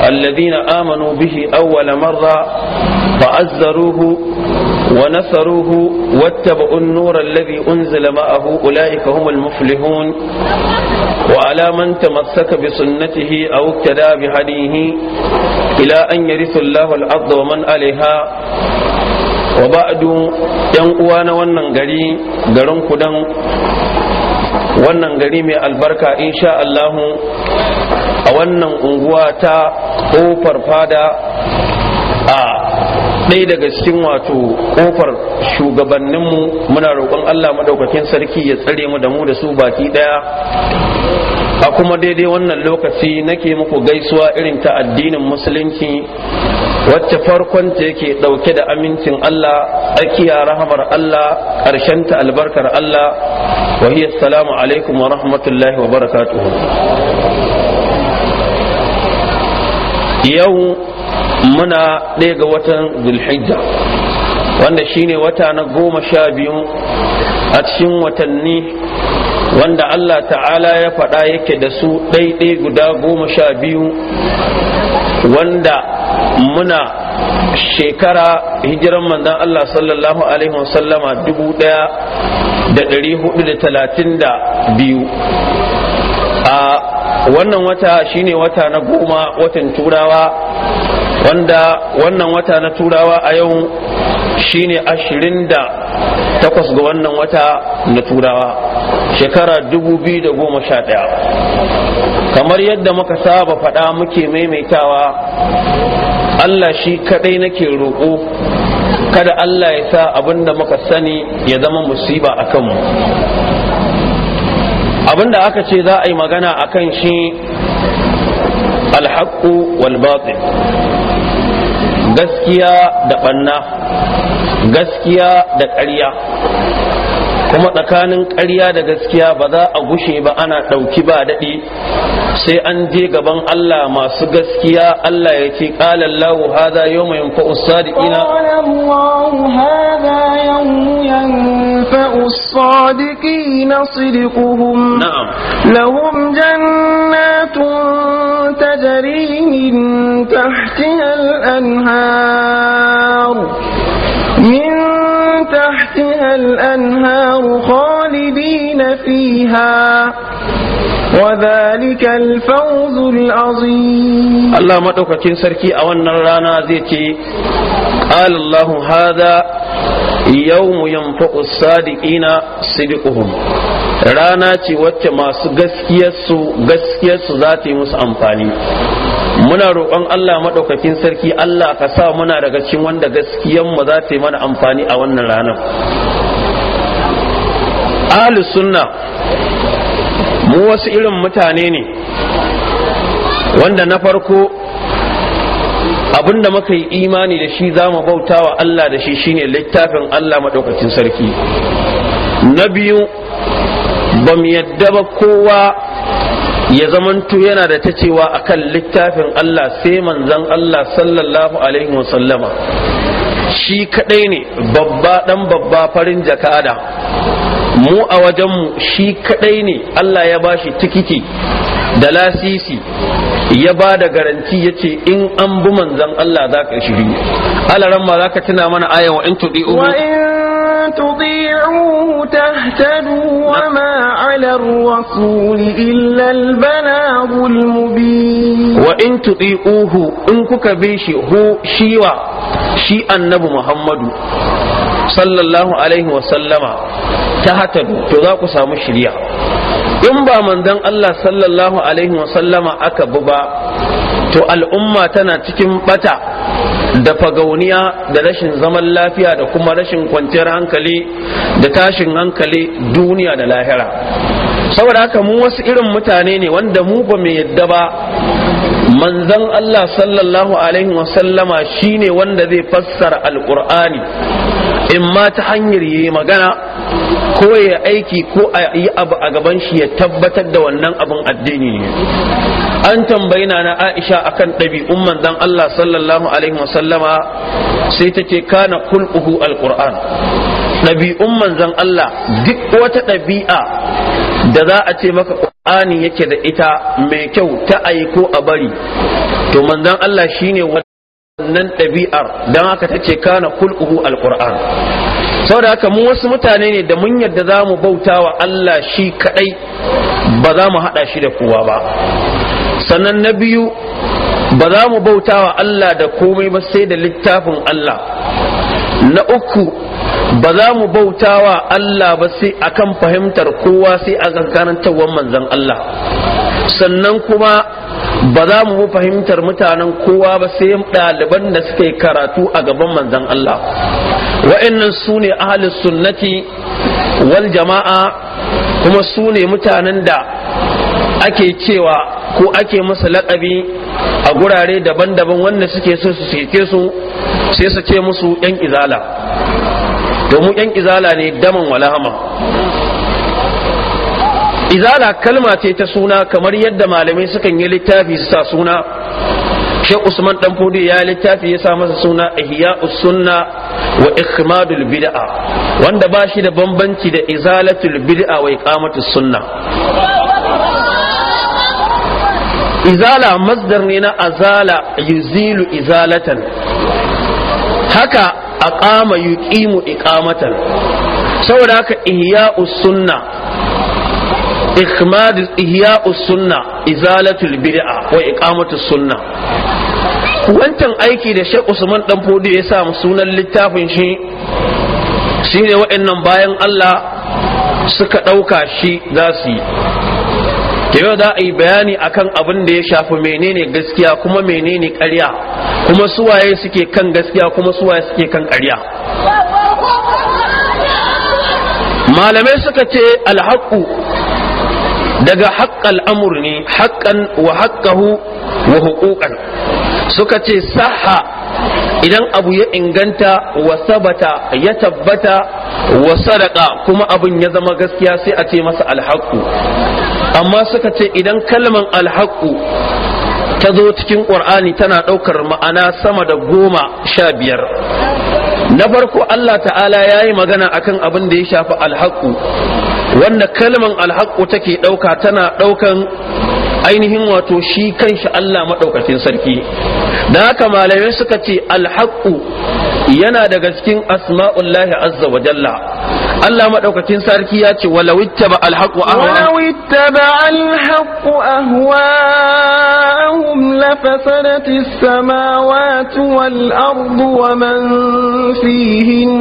الذين آمنوا به أول مرة فأزروه ونصروه واتبعوا النور الذي أنزل معه أولئك هم المفلحون وعلى من تمسك بسنته أو اقتدى بهديه إلى أن يرث الله الأرض ومن عليها وبعد ينقوان وننقري قرن قدن wannan gari mai albarka insha Allahu a wannan unguwa ta kofar fada a ɗaya daga cikin wato ƙofar shugabanninmu muna roƙon Allah maɗaukakin sarki ya tsare mu da mu da su baki ɗaya a kuma daidai wannan lokaci nake muku gaisuwa irin ta addinin musulunci wacce farkon ta yake ɗauke da amincin Allah tsakiya rahamar Allah ƙarshen ta albarkar Allah wa hiya assalamu alaikum wa rahmatullahi wa barakatuhu yau muna ɗaya ga watan zulhijja wanda shine wata na goma sha biyu a cikin watanni wanda Allah ta'ala ya faɗa yake da su ɗaiɗai guda goma sha biyu wanda muna shekara hijiran manzon Allah sallallahu alaihi wasallama dubu ɗaya da ɗari hudu da talatin da biyu a wannan wata shine wata na goma watan turawa wanda wannan wata na turawa a yau shine ashirin da takwas ga wannan wata na turawa shekara dubu biyu da goma sha ɗaya kamar yadda muka saba faɗa muke maimaitawa allah shi kaɗai nake roƙo kada allah ya sa abin da muka sani ya zama musiba a kanmu abin da aka ce za a yi magana a kan shi alhaƙu walbatsi gaskiya da ɓanna gaskiya da ƙarya kuma tsakanin ƙarya da gaskiya ba za a gushe ba ana ɗauki ba daɗi sai an je gaban Allah masu gaskiya Allah ya ce ƙalar Na haza yau mai yanfa usadiqina ƙala تجري من تحتها الأنهار من تحتها الأنهار خالدين فيها وذلك الفوز العظيم الله ما دوكا كين سركي أولنا رانا زيتي قال الله هذا يوم ينفق الصادقين صدقهم رانا تي wacce masu gaskiyarsu gaskiyarsu za ta yi musu muna roƙon Allah maɗaukakin sarki Allah ka sa muna daga cikin wanda gaskiyan mu za ta yi mana amfani a wannan ranar ahli sunna mu wasu irin mutane ne wanda na farko abinda muka yi imani da shi za mu bauta wa Allah da shi shine littafin Allah maɗaukakin sarki na biyu ba mu yadda ba kowa ya zamantu yana da ta cewa kan littafin Allah sai manzan Allah sallallahu alaihi wasallama shi kadai ne babba dan babba farin jakada mu a wajenmu shi kadai ne Allah ya bashi tikiti da lasisi ya ba da garanti ya ce in an bi manzan Allah za ka shiri alaran ma za ka tuna mana ayan wa in tuɗi umu تطيعوه تهتدوا وما على الرسول إلا البلاغ المبين وإن تطيعوه إن كبيش هو شيوا شي النبي محمد صلى الله عليه وسلم تهتدوا تذاك سامو الشريعة in ba manzon Allah sallallahu alaihi wasallama aka bi ba to al'umma tana cikin bata da fagauniya da rashin zaman lafiya da kuma rashin kwanciyar hankali da tashin hankali duniya da lahira saboda haka mu wasu irin mutane ne wanda mu ba mu yadda ba manzan Allah sallallahu alaihi wasallama shine wanda zai fassara alqur'ani in ma ta hanyar yi magana ko ya aiki ko a yi abu a gaban shi ya tabbatar da wannan abin addini ne an tambayi na Aisha akan ɗabi'un Manzan Allah sallallahu alaihi wasallama sai ta ce kana kulquhu alquran ɗabi'un Manzan Allah duk wata ɗabi'a da za a ce maka ƙur'ani yake da ita mai kyau ta ayi ko a bari to Manzan Allah shine wannan ɗabi'ar don haka ta ce kana kulquhu alƙur'an saboda haka mu wasu mutane ne da mun yadda za mu bauta wa Allah shi kaɗai ba za mu haɗa shi da kowa ba sannan na biyu ba za mu bauta wa Allah da komai ba sai da littafin Allah na uku ba za mu bauta wa Allah ba sai akan fahimtar kowa sai a tawon manzan Allah sannan kuma ba za mu fahimtar mutanen kowa ba sai ɗaliban da suke karatu a gaban manzan Allah wa'annan su ne ahalin sunnati wal jama'a kuma su ne mutanen da ake cewa ko ake masa laƙabi a gurare daban-daban wanda suke so su su sai su ce musu yan izala domin yan izala ne daman walahama izala kalma ce ta suna kamar yadda malamai sukan yi littafi su sa suna shi usman dan fodi ya littafi ya sa masa suna ihya sunna wa ikhmadul bid'a wanda ba shi da bambanci da izalatul bid'a wa iqamatus sunna izala masdar ne na azala yuzilu izalatan haka aqama yuqimu iqamatan saboda haka ihya'us sunna ikhmad ihya'us sunna izalatul bid'a wa iqamatus sunna wancan aiki da Sheikh Usman dan Fodi ya sa sunan littafin shi shine waɗannan bayan Allah suka ɗauka shi za su yi yau za a yi bayani akan abin da ya shafi menene gaskiya kuma menene ƙarya kuma suwaye suke kan gaskiya kuma suwaye suke kan ƙarya malamai suka ce alhaƙu daga haƙƙal amur ne haƙƙan wa haƙƙahu wa huƙuƙan suka ce saha idan abu ya inganta wa sabata ya tabbata wa sadaka kuma abin ya zama gaskiya sai a ce masa alhaku amma suka ce idan kalman alhaku ta zo cikin ƙur'ani tana ɗaukar ma'ana sama da goma sha biyar na farko Allah ta'ala ya yi magana akan abin da ya shafi alhaku wanda kalman alhaku take ɗauka tana ɗaukan ainihin wato shi kanshi Allah maɗaukakin sarki da haka malamai suka ce alhaƙu yana daga cikin asma'ullahi azza wa jalla Allah maɗaukakin sarki ya ce walau ittaba alhaqu ahwa alhaqu ahwaahum lafasadati as-samawati wal ardu wa man fihin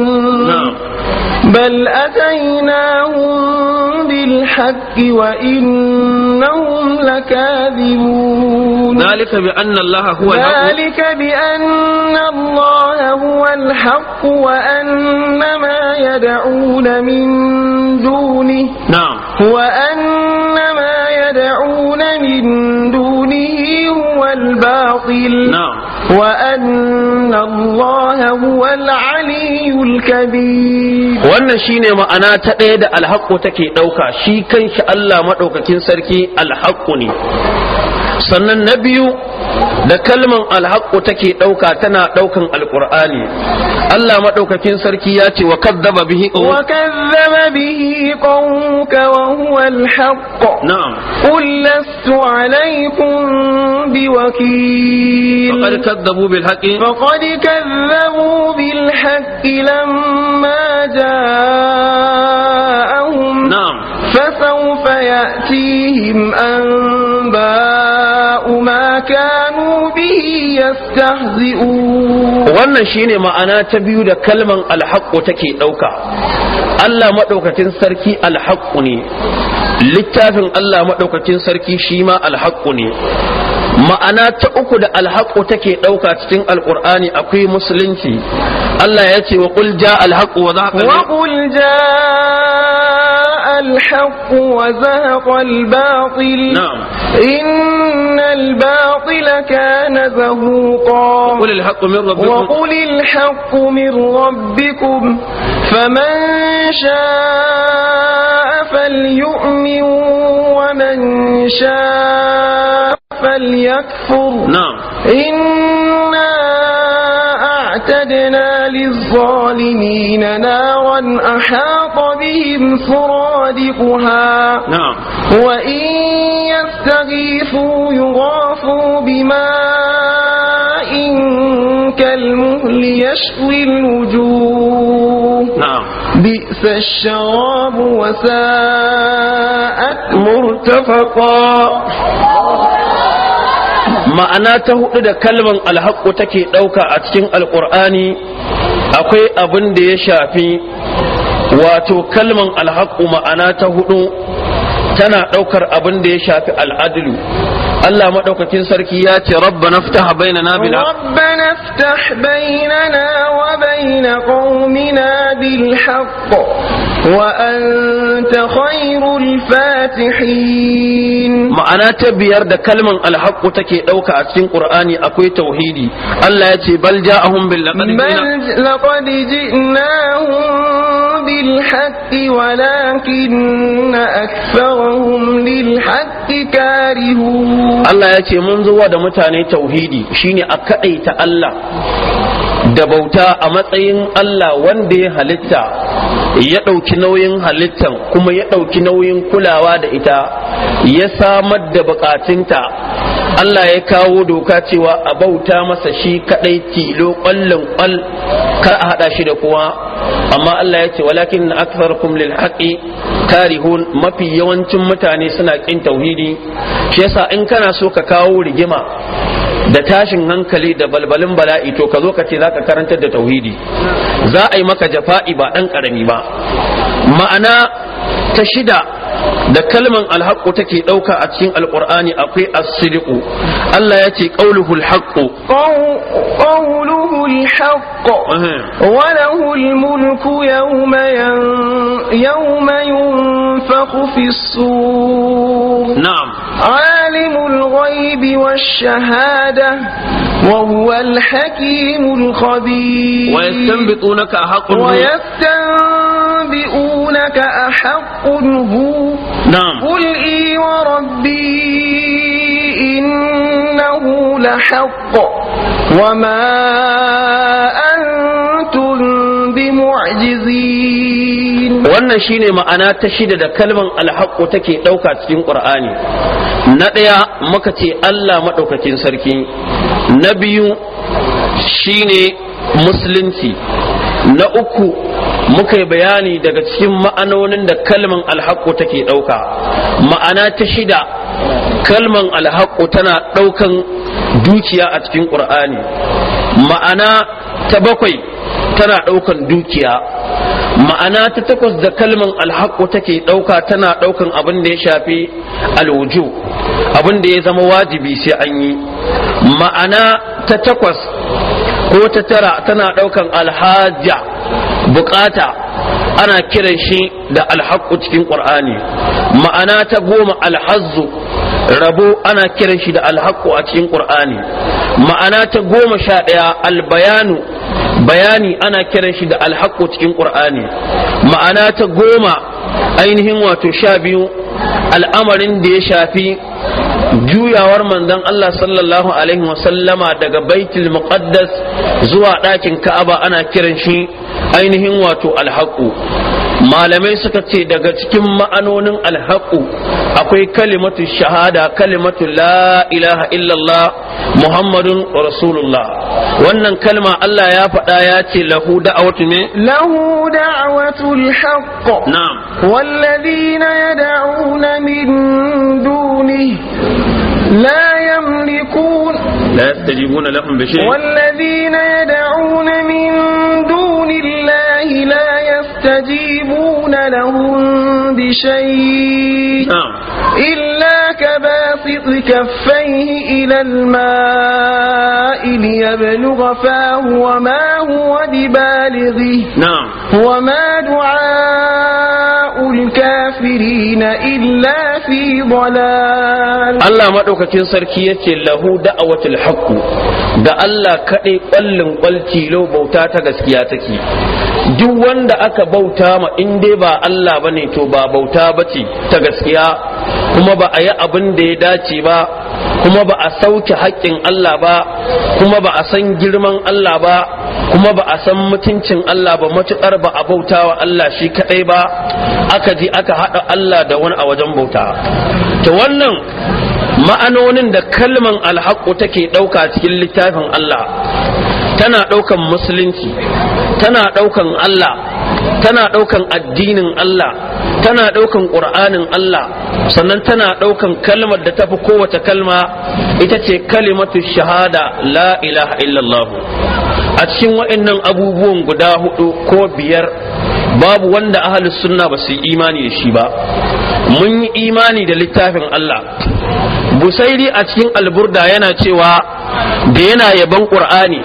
بل أتيناهم بالحق وإنهم لكاذبون ذلك بأن الله هو الحق ذلك بأن الله هو الحق وأن ما يدعون من دونه نعم وأن ما يدعون من دونه الظاهر والباطل نعم وأن الله هو العلي الكبير shine ma'ana ta ɗaya da alhaƙo take ɗauka shi kanshi Allah maɗaukakin sarki sannan na biyu da kalman alhaƙo take ɗauka tana ɗaukan alƙur'ani Allah maɗaukakin sarki ya ce wa kazzaba bihi wa kazzaba bihi qawmuka wa huwa alhaq na'am qul lastu alaykum بوكيل فقد كذبوا بالحق فقد كذبوا بالحق لما جاءهم نعم فسوف يأتيهم أنباء ما كان yastahzi'un wannan shine ma'ana ta biyu da kalman alhaqqu take ɗauka. Allah madaukakin sarki alhaqqu ne littafin Allah madaukakin sarki shi ma alhaqqu ne ma'ana ta uku da alhaƙo take ɗauka cikin alƙur'ani akwai musulunci Allah ya ce wa ƙulja alhaƙo za ka الحق وزهق الباطل نعم إن الباطل كان زهوقا وقل الحق من ربكم وقل الحق من ربكم فمن شاء فليؤمن ومن شاء فليكفر نعم إنا وأعتدنا للظالمين نارا أحاط بهم سرادقها نعم وإن يستغيثوا يغافوا بماء كالمهل يشوي الوجوه نعم بئس الشراب وساءت مرتفقا ma'ana ta hudu da kalman alhaƙu take ɗauka a cikin alƙur'ani akwai abin da ya shafi wato kalman alhaƙu ma'ana ta hudu tana ɗaukar abin da ya shafi al'adilu Allah maɗaukakin sarki ya ce rabba naftah bainana bil rabba naftah bainana wa bain qaumina bil haqq وأنت خير الفاتحين معنا تبير ده كلمة الحق تكي أوكا أتسين قرآني أكوي توحيدي ألا يتي بل جاءهم باللقد بل لقد جئناهم بالحق ولكن أكثرهم للحق كارهون الله يتي منذ ودمتاني توحيدي شيني أكأيت الله da bauta a matsayin Allah wanda ya halitta ya ɗauki nauyin halittan kuma ya ɗauki nauyin kulawa da ita ya samar da bukatunta Allah ya kawo doka cewa a bauta masa shi kaɗai tilo ƙwallon ƙwal kar a haɗa shi da kowa amma Allah ya ce walakin na aksarkum lil haƙi karihun mafi yawancin mutane suna ƙin tauhidi shi yasa in kana so ka kawo rigima da tashin hankali da balbalin bala'i to ka zo ka ce za ka karantar da tauhidi za a yi maka jafa'i ba ɗan ƙarami ba ma'ana ta shida da kalman alhaqqu take ɗauka a cikin alƙur'ani akwai as-sidiqu Allah ya ce qawluhu alhaqqu qawluhu alhaqqu wa lahu almulku yawma yawma ينفخ في الصور نعم عالم الغيب والشهادة وهو الحكيم الخبير ويستنبطونك أحق هو ويستنبئونك أحق هو نعم قل إي وربي إنه لحق وما أنتم بمعجزين wannan shine ma'ana ta shida da kalman alhaqqu take ɗauka cikin qur'ani na ɗaya muka ce Allah maɗaukakin sarki na biyu shine musulunci na uku muka yi bayani daga cikin ma'anonin da kalman alhaƙo take ɗauka ma'ana ta shida kalman alhaƙo tana ɗaukan dukiya a cikin ƙur'ani ma'ana ta bakwai tana ɗaukan dukiya ma'ana ta takwas da kalman alhaƙo take ɗauka tana ɗaukan abin da ya shafi alwuju abin da ya zama wajibi sai an yi ma'ana ta takwas ko ta tara tana ɗaukan alhaja bukata ana kiran shi da alhaƙu cikin ƙur'ani ma'ana ta goma alhazzu rabo ana kiran shi da alhaƙu a cikin ƙur'ani ma'ana ta goma sha ɗaya albayanu bayani ana kiran shi da alhaƙu cikin ƙur'ani ma'ana ta goma ainihin wato sha biyu al'amarin da ya shafi juyawar manzon Allah sallallahu alaihi wasallama daga baitul muqaddas zuwa ɗakin ka'aba ana kiran shi ainihin wato alhaƙu malamai suka ce daga cikin ma'anonin alhaƙu akwai kalimatu shahada kalimatu la ilaha illallah muhammadun rasulullah wannan kalma Allah ya faɗa ya ce lahu da'awatu ne lahu da'awatul haqq na'am walladhina yad'una min dunihi la yamlikun لا يستجيبون لهم بشيء والذين يدعون من دون الله لا يستجيبون لهم بشيء نعم إلا كباسط كفيه إلى الماء ليبلغ فاه وما هو ببالغه نعم وما دعاء الكافرين إلا في ضلال الله ما دوكا كين سركي له دعوة الحق da Allah kaɗai ƙwallin ƙwaltilo bauta ta gaskiya take duk wanda aka bauta ma in dai ba Allah bane to ba bauta bace ta gaskiya kuma ba a yi abin da ya dace ba kuma ba a sauke haƙƙin Allah ba kuma ba a san girman Allah ba kuma ba a san mutuncin Allah ba matuƙar ba a bauta wa Allah shi kaɗai ba aka ji aka haɗa Allah da wani a wajen bauta to wannan ma'anonin da kalman alhaƙu take ɗauka cikin littafin Allah tana ɗaukan musulunci tana ɗaukan Allah tana ɗaukan addinin Allah tana ɗaukan ƙur'anin Allah sannan tana ɗaukan kalmar da tafi kowace kalma ita ce kalimatu shahada la ilaha illallah a cikin waɗannan abubuwan guda hudu ko biyar babu wanda ahli sunna ba su yi imani da shi ba mun yi imani da littafin Allah busairi a cikin alburda yana cewa da yana yaban ƙur'ani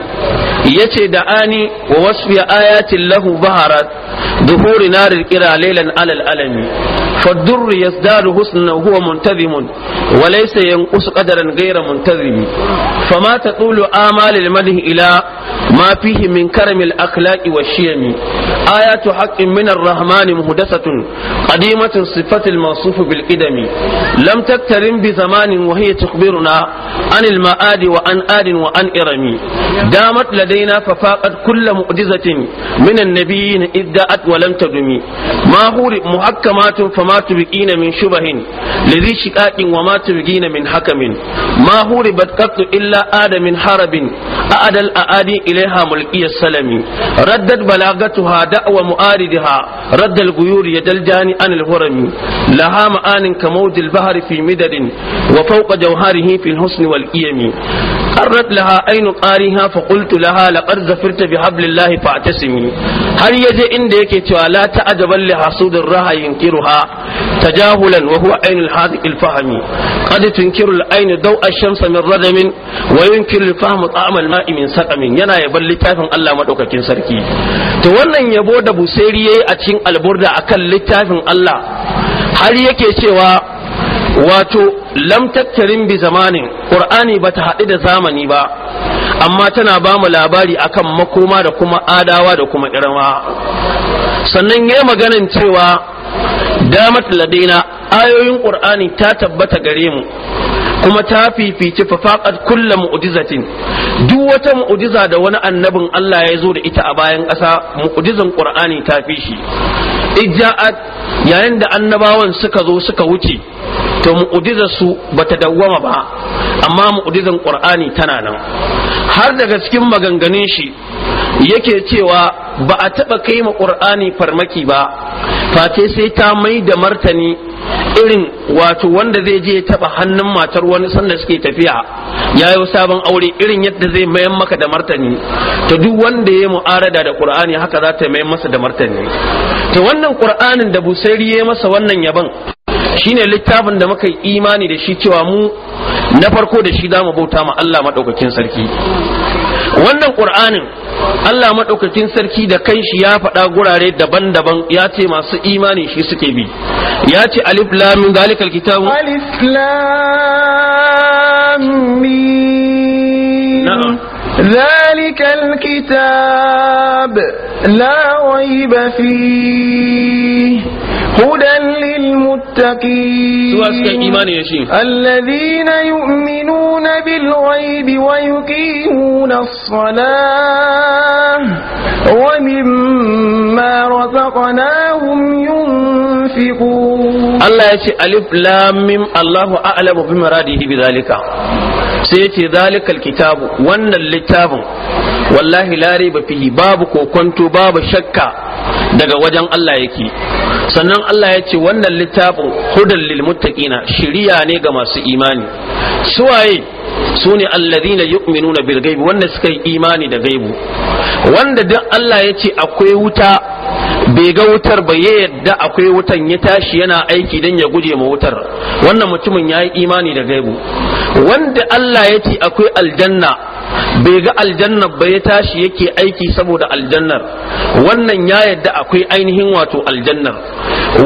Yace da ani wa wasu ya ayatin lahu baharat duhuri na rikira lailan alal alami fadurri ya zaru husna huwa muntazimun wa laisa yan kusu kadaran gaira muntazimi fa ma ta tulu amalil madhi ila ma fihi min karamil akhlaqi wa shiyami ayatu haqqin min arrahmani muhdathatun qadimatun sifatil mawsufu bil qidami lam taktarim bi zamanin wa hiya tukhbiruna anil ma'adi wa an adin wa an irami damat la لدينا ففاقت كل مؤجزة من النبيين إذ دعت ولم تدمي ما هو محكمات فما تبقين من شبه لذي شقاق وما تبقين من حكم ما هو قط إلا آد من حرب أعد الأعادي إليها ملقي السلم ردت بلاغتها دعوى مؤاردها رد الغيور يد الجاني عن الهرم لها معان كموج البحر في مدد وفوق جوهره في الحسن والقيم harrat laha ainu qariha fa laha laqad zafirta bi hablillahi fa tasmi har yaje inda yake cewa la ta'jaban li da rahayin kiruha tajahulan wa huwa ainu alhadiq alfahmi qad tunkiru alayn daw ash-shams min radamin wa yunkiru alfahm ta'am alma'i min yana yabal littafin Allah madaukakin sarki to wannan yabo da busairi a cikin alburda akan littafin Allah har yake cewa wato lam tattarin bi zamanin qur'ani ta haɗu da zamani ba amma tana ba mu labari akan makoma da kuma adawa da kuma irma sannan yi maganin cewa damat ladaina ayoyin qur'ani ta tabbata gare mu kuma ta fifici fafaƙar kulla mu'jizatin duk wata mu'jiza da wani annabin Allah ya zo da ita a bayan ƙasa mu'jizan qur'ani ta fi shi ijja'at yayin da annabawan suka zo suka wuce to mu'ujizar su bata dawwama ba amma mu'ujizar qur'ani tana nan har daga cikin maganganun shi yake cewa ba a taɓa kai ma qur'ani farmaki ba face sai ta mai da martani irin wato wanda zai je taba hannun matar wani sanda suke tafiya yayo sabon aure irin yadda zai mayan maka da martani ta duk wanda ya mu'arada da qur'ani haka za ta mayan masa da martani ta wannan qur'anin da busairi ya masa wannan yaban shine littafin da muka yi imani da shi cewa mu na farko da shi za mu bauta ma Allah maɗaukakin sarki wannan ƙur'anin Allah maɗaukakin sarki da kan shi ya faɗa gurare daban-daban ya ce masu imani shi suke bi ya ce alif lamin zalikal kitabu alif lamin ذلك الكتاب لا هدى للمتقين الذين يؤمنون بالغيب ويقيمون الصلاة ومما رزقناهم ينفقون الله يأتي ألف لام ميم الله أعلم بمراده بذلك سيأتي ذلك الكتاب وأن الكتاب والله لا ريب فيه باب كوكنت باب شكا daga wajen Allah yake sannan Allah ya ce wannan littafin hudan lil muttaqina shiriya ne ga masu imani suwaye su ne alladhina yu'minuna bil ghaibi wanda suka yi imani da gaibu wanda duk Allah ya ce akwai wuta bai ga wutar ba ya yadda akwai wutan ya tashi yana aiki dan ya guje ma wutar wannan mutumin ya yi imani da gaibu wanda Allah ya ce akwai aljanna bai ga aljannar ba ya tashi yake aiki saboda aljannar wannan ya yadda akwai ainihin wato aljannar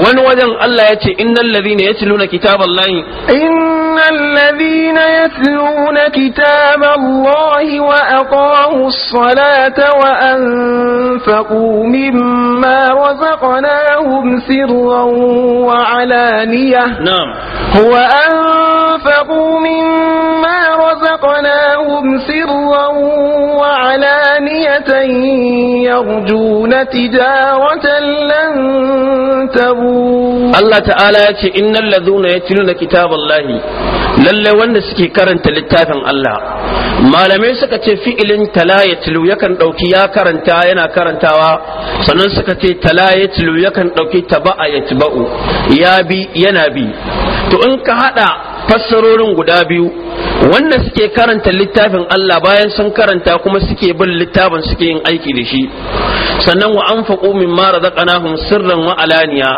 wani wajen Allah ya ce innal ladhina yatluna kitaballahi innal ladhina yatluna kitaballahi wa aqamu ssalata wa anfaqu mimma razaqnahum sirran wa alaniyah na'am wa anfaqu mimma razaqnahum sirran سرا وعلانية يرجون تجارة لن تبور الله تعالى يتي إن الذين يتلون كتاب الله lallai wanda suke karanta littafin Allah malamai suka ce fi'ilin tala ya tilu yakan ɗauki ya karanta yana karantawa sannan suka ce tala ya tilu yakan ɗauki taba'a ya tiba'u ya bi yana bi to in ka haɗa fassarorin guda biyu wanda suke karanta littafin Allah bayan sun karanta kuma suke bin littafin suke yin aiki da shi sannan wa anfaqu mimma razaqnahum sirran wa alaniya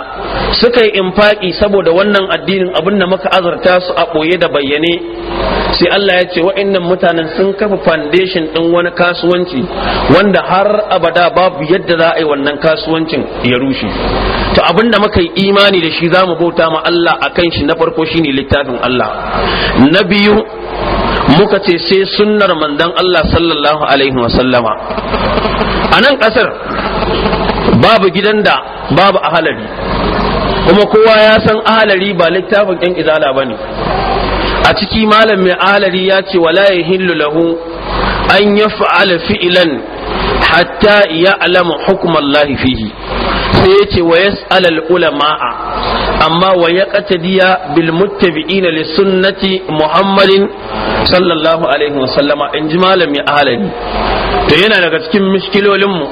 suka yi infaki saboda wannan addinin abin da muka azarta su a boye da bayyane sai Allah ya ce waɗannan mutanen sun kafa foundation ɗin wani kasuwanci wanda har abada babu yadda za a yi wannan kasuwancin ya rushe to abin da muka yi imani da shi zamu bauta ma Allah akan shi na farko shine littafin Allah Allah na biyu muka ce sai sunnar mandan Allah sallallahu alaihi wasallama a nan ƙasar babu gidan da babu ahalari kuma kowa ya san ahalari ba littafin yan izala ba ne a ciki malam mai ahalari ya ce wala ya hillu lahu an ya fa'ala fi'ilan hatta ya alama hukumar lahifihi sai ya ce wa yas'alal ulama'a amma ويقتدي ya qatadiya محمد صلى li sunnati muhammadin sallallahu alaihi wa sallama in ji to yana daga cikin mishkilolin mu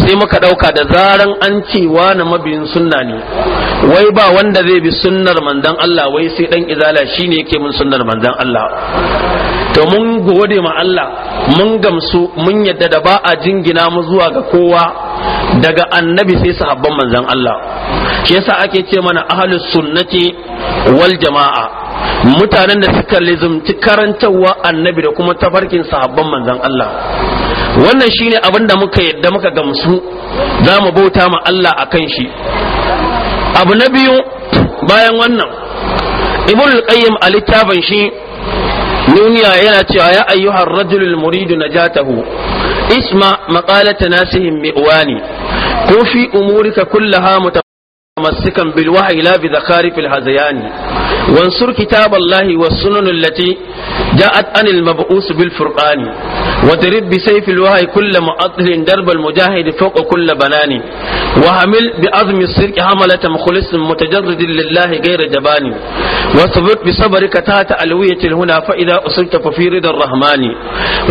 sai muka ɗauka da zaran an ce wani mabiyin sunna ne wai ba wanda zai bi sunnar mandan Allah wai sai dan izala shine yake mun sunnar mandan Allah to mun gode ma Allah mun gamsu mun yadda da ba a jingina mu zuwa ga kowa daga annabi sai sahabban manzon Allah shi yasa ake ce mana ahlus sunnati wal jama'a mutanen da suka lizumci karantarwa annabi da kuma tafarkin sahabban manzon Allah wannan shine abin da muka yadda muka gamsu za mu bauta ma Allah a kan shi abu na biyu bayan wannan ibn al-qayyim a littafin shi duniya yana cewa ya ayyuhar rajulul muridu najatahu isma maqalata nasihim mi'wani ko fi umurika kullaha تمسكا بالوحي لا بذخارف الهذيان وانصر كتاب الله والسنن التي جاءت عن المبعوث بالفرقان وضرب بسيف الوحي كل معطل درب المجاهد فوق كل بنان وحمل بعظم السرك حملة مخلص متجرد لله غير جبان واثبت بصبرك تحت ألوية الهنا فإذا أصبت ففي رضا الرحمن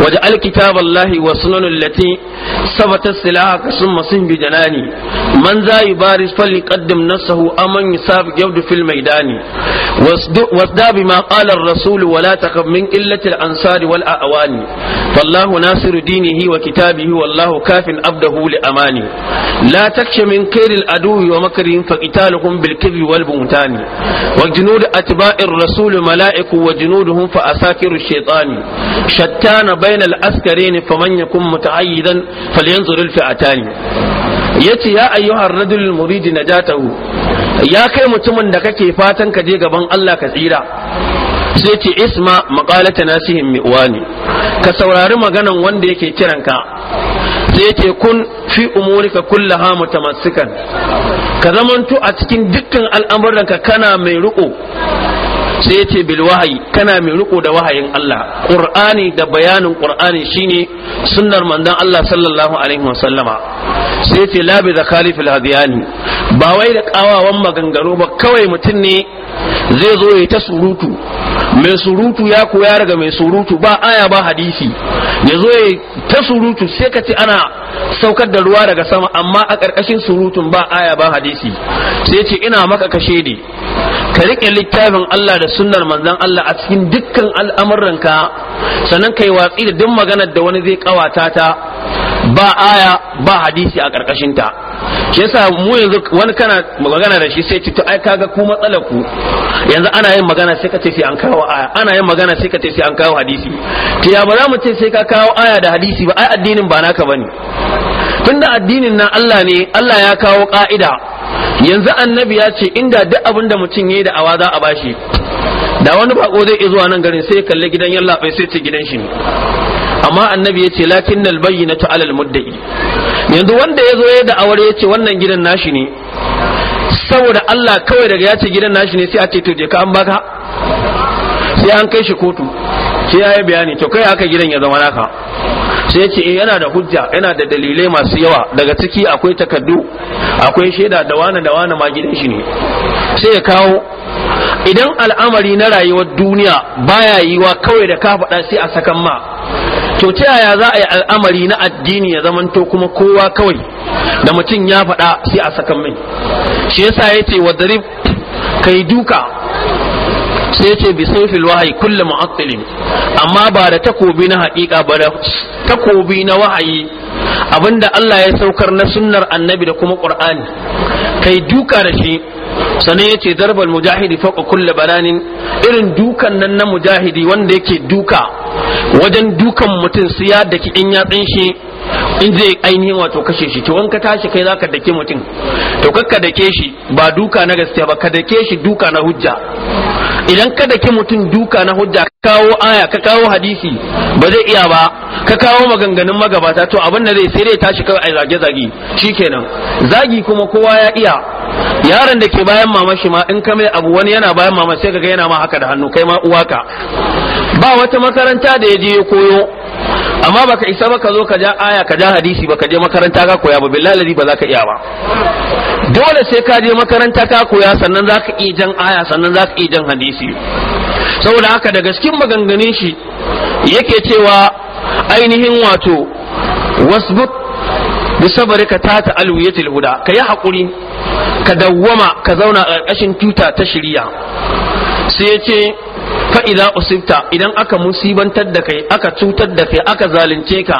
وجعل كتاب الله والسنن التي ثبتت سلاحك ثم سن بجناني من ذا يبارز فليقدم يظلم نفسه أمن يسابق يبدو في الميدان واسدى بما قال الرسول ولا تخف من قلة الأنصار والأعوان فالله ناصر دينه وكتابه والله كاف أبده لأمانه لا تكش من كير الأدو ومكرهم فقتالهم بالكبر والبهتان وجنود أتباع الرسول ملائك وجنودهم فأساكر الشيطان شتان بين العسكرين فمن يكن متعيدا فلينظر الفئتان yace ya ayyuhar na na jatahu ya kai mutumin da kake fatan ka je gaban Allah ka tsira sai ce isma maqalata nasihin miwani ka saurari maganan wanda yake ka. sai ce kun fi umurika kullaha mutamassikan ka zamanto a cikin dukkan al'amuranka kana mai riko sai ya ce bil wahayi kana mai riko da wahayin Allah qur'ani da bayanin qur'ani shine sunnar manzon Allah sallallahu alaihi wasallama sai ce la bi zakali fil hadiyani ba wai da kawawan maganganu ba kawai mutum ne zai zo ya ta surutu mai surutu ya koya daga mai surutu ba aya ba hadisi ya zo ya ta surutu sai ka ce ana saukar da ruwa daga sama amma a ƙarƙashin surutun ba aya ba hadisi sai ce ina maka kashe ne ka riƙe littafin Allah da sunnar manzon Allah a cikin dukkan al'amuranka sannan ka yi watsi da duk maganar da wani zai ƙawata ta ba aya ba hadisi a karkashin ta shi yasa mu yanzu wani kana magana da shi sai ce ai kaga ku matsalar ku yanzu ana yin magana sai ka ce sai an kawo aya ana yin magana sai ka ce sai an kawo hadisi to ya ba za mu ce sai ka kawo aya da hadisi ba ai addinin ba naka bane tunda addinin na Allah ne Allah ya kawo ka'ida yanzu annabi ya ce inda duk abin da mutum yayi da awa za a bashi da wani bako zai zuwa nan garin sai ya kalli gidan yallaɓai sai ce gidan shi ne amma annabi yace lakin al na alal muddai yanzu wanda ya zo ya da aure yace wannan gidan nashi ne saboda Allah kawai daga yace gidan nashi ne sai a ce to je ka an baka sai an kai shi kotu sai ya yi bayani to kai aka gidan ya zama naka sai ce eh yana da hujja yana da dalilai masu yawa daga ciki akwai takaddu akwai shaida da wani da wani ma gidan shi ne sai ya kawo idan al'amari na rayuwar duniya baya yiwa kawai da ka faɗa sai a sakan ma to ta yaya za a yi al'amari na addini ya zamanto kuma kowa kawai da mutum ya faɗa sai a sakan mai shi yasa ya ce wa ka kai duka sai ce bi saufil wahayi kullum mu'attilin amma ba da takobi na haƙiƙa ba da takobi na wahayi abinda Allah ya saukar na sunnar annabi da kuma ƙur'ani kai duka da shi sannan ya ce darbal mujahidi fauka kulle bananin irin dukan nan na mujahidi wanda yake duka wajen dukan mutum su ya daki in ya shi in zai ainihin wato kashe shi to wanka tashi kai zaka dake mutum to kakka dake shi ba duka na gaskiya ba ka dake shi duka na hujja idan ka dake mutum duka na hujja ka kawo aya ka kawo hadisi ba zai iya ba ka kawo maganganun magabata to abin da zai sai dai tashi kawai a zage zage kenan zagi kuma kowa ya iya yaron da ke bayan bayan mama shi ma in kame abu wani yana bayan mama sai ga yana ma haka da hannu kai ma uwaka ba wata makaranta da ya je ya koyo amma baka isa ba ka zo ka ja aya ka ja hadisi baka je makaranta ka koya ba billahi ba za ka iya ba dole sai ka je makaranta ka koya sannan za ka iya jan aya sannan za ka iya jan hadisi saboda haka da cikin maganganun shi yake cewa ainihin wato wasbut bi sabrika ta ta yatil huda kai hakuri ka dawwama ka zauna a ƙarƙashin tuta ta shirya sai ya ce fa'ila usibta idan aka musibantar da kai aka cutar da kai aka zalunce ka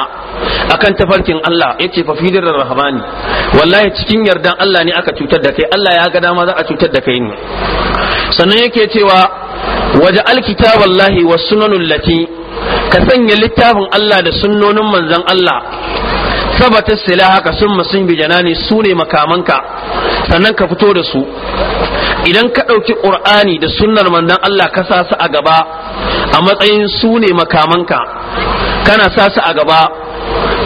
akan tafarkin Allah ya ce fafidar da rahmani wallahi cikin yardan Allah ne aka cutar da kai Allah ya ga dama za a cutar da kai ne sannan yake cewa waje alkitab wallahi wa lati ka sanya littafin Allah da sunnonin manzon Allah sabata silahaka sun masun bi ne su ne makamanka sannan ka fito da su idan ka ɗauki ƙur'ani da sunnar mandan Allah ka sa su a gaba a matsayin su ne makamanka kana sa su a gaba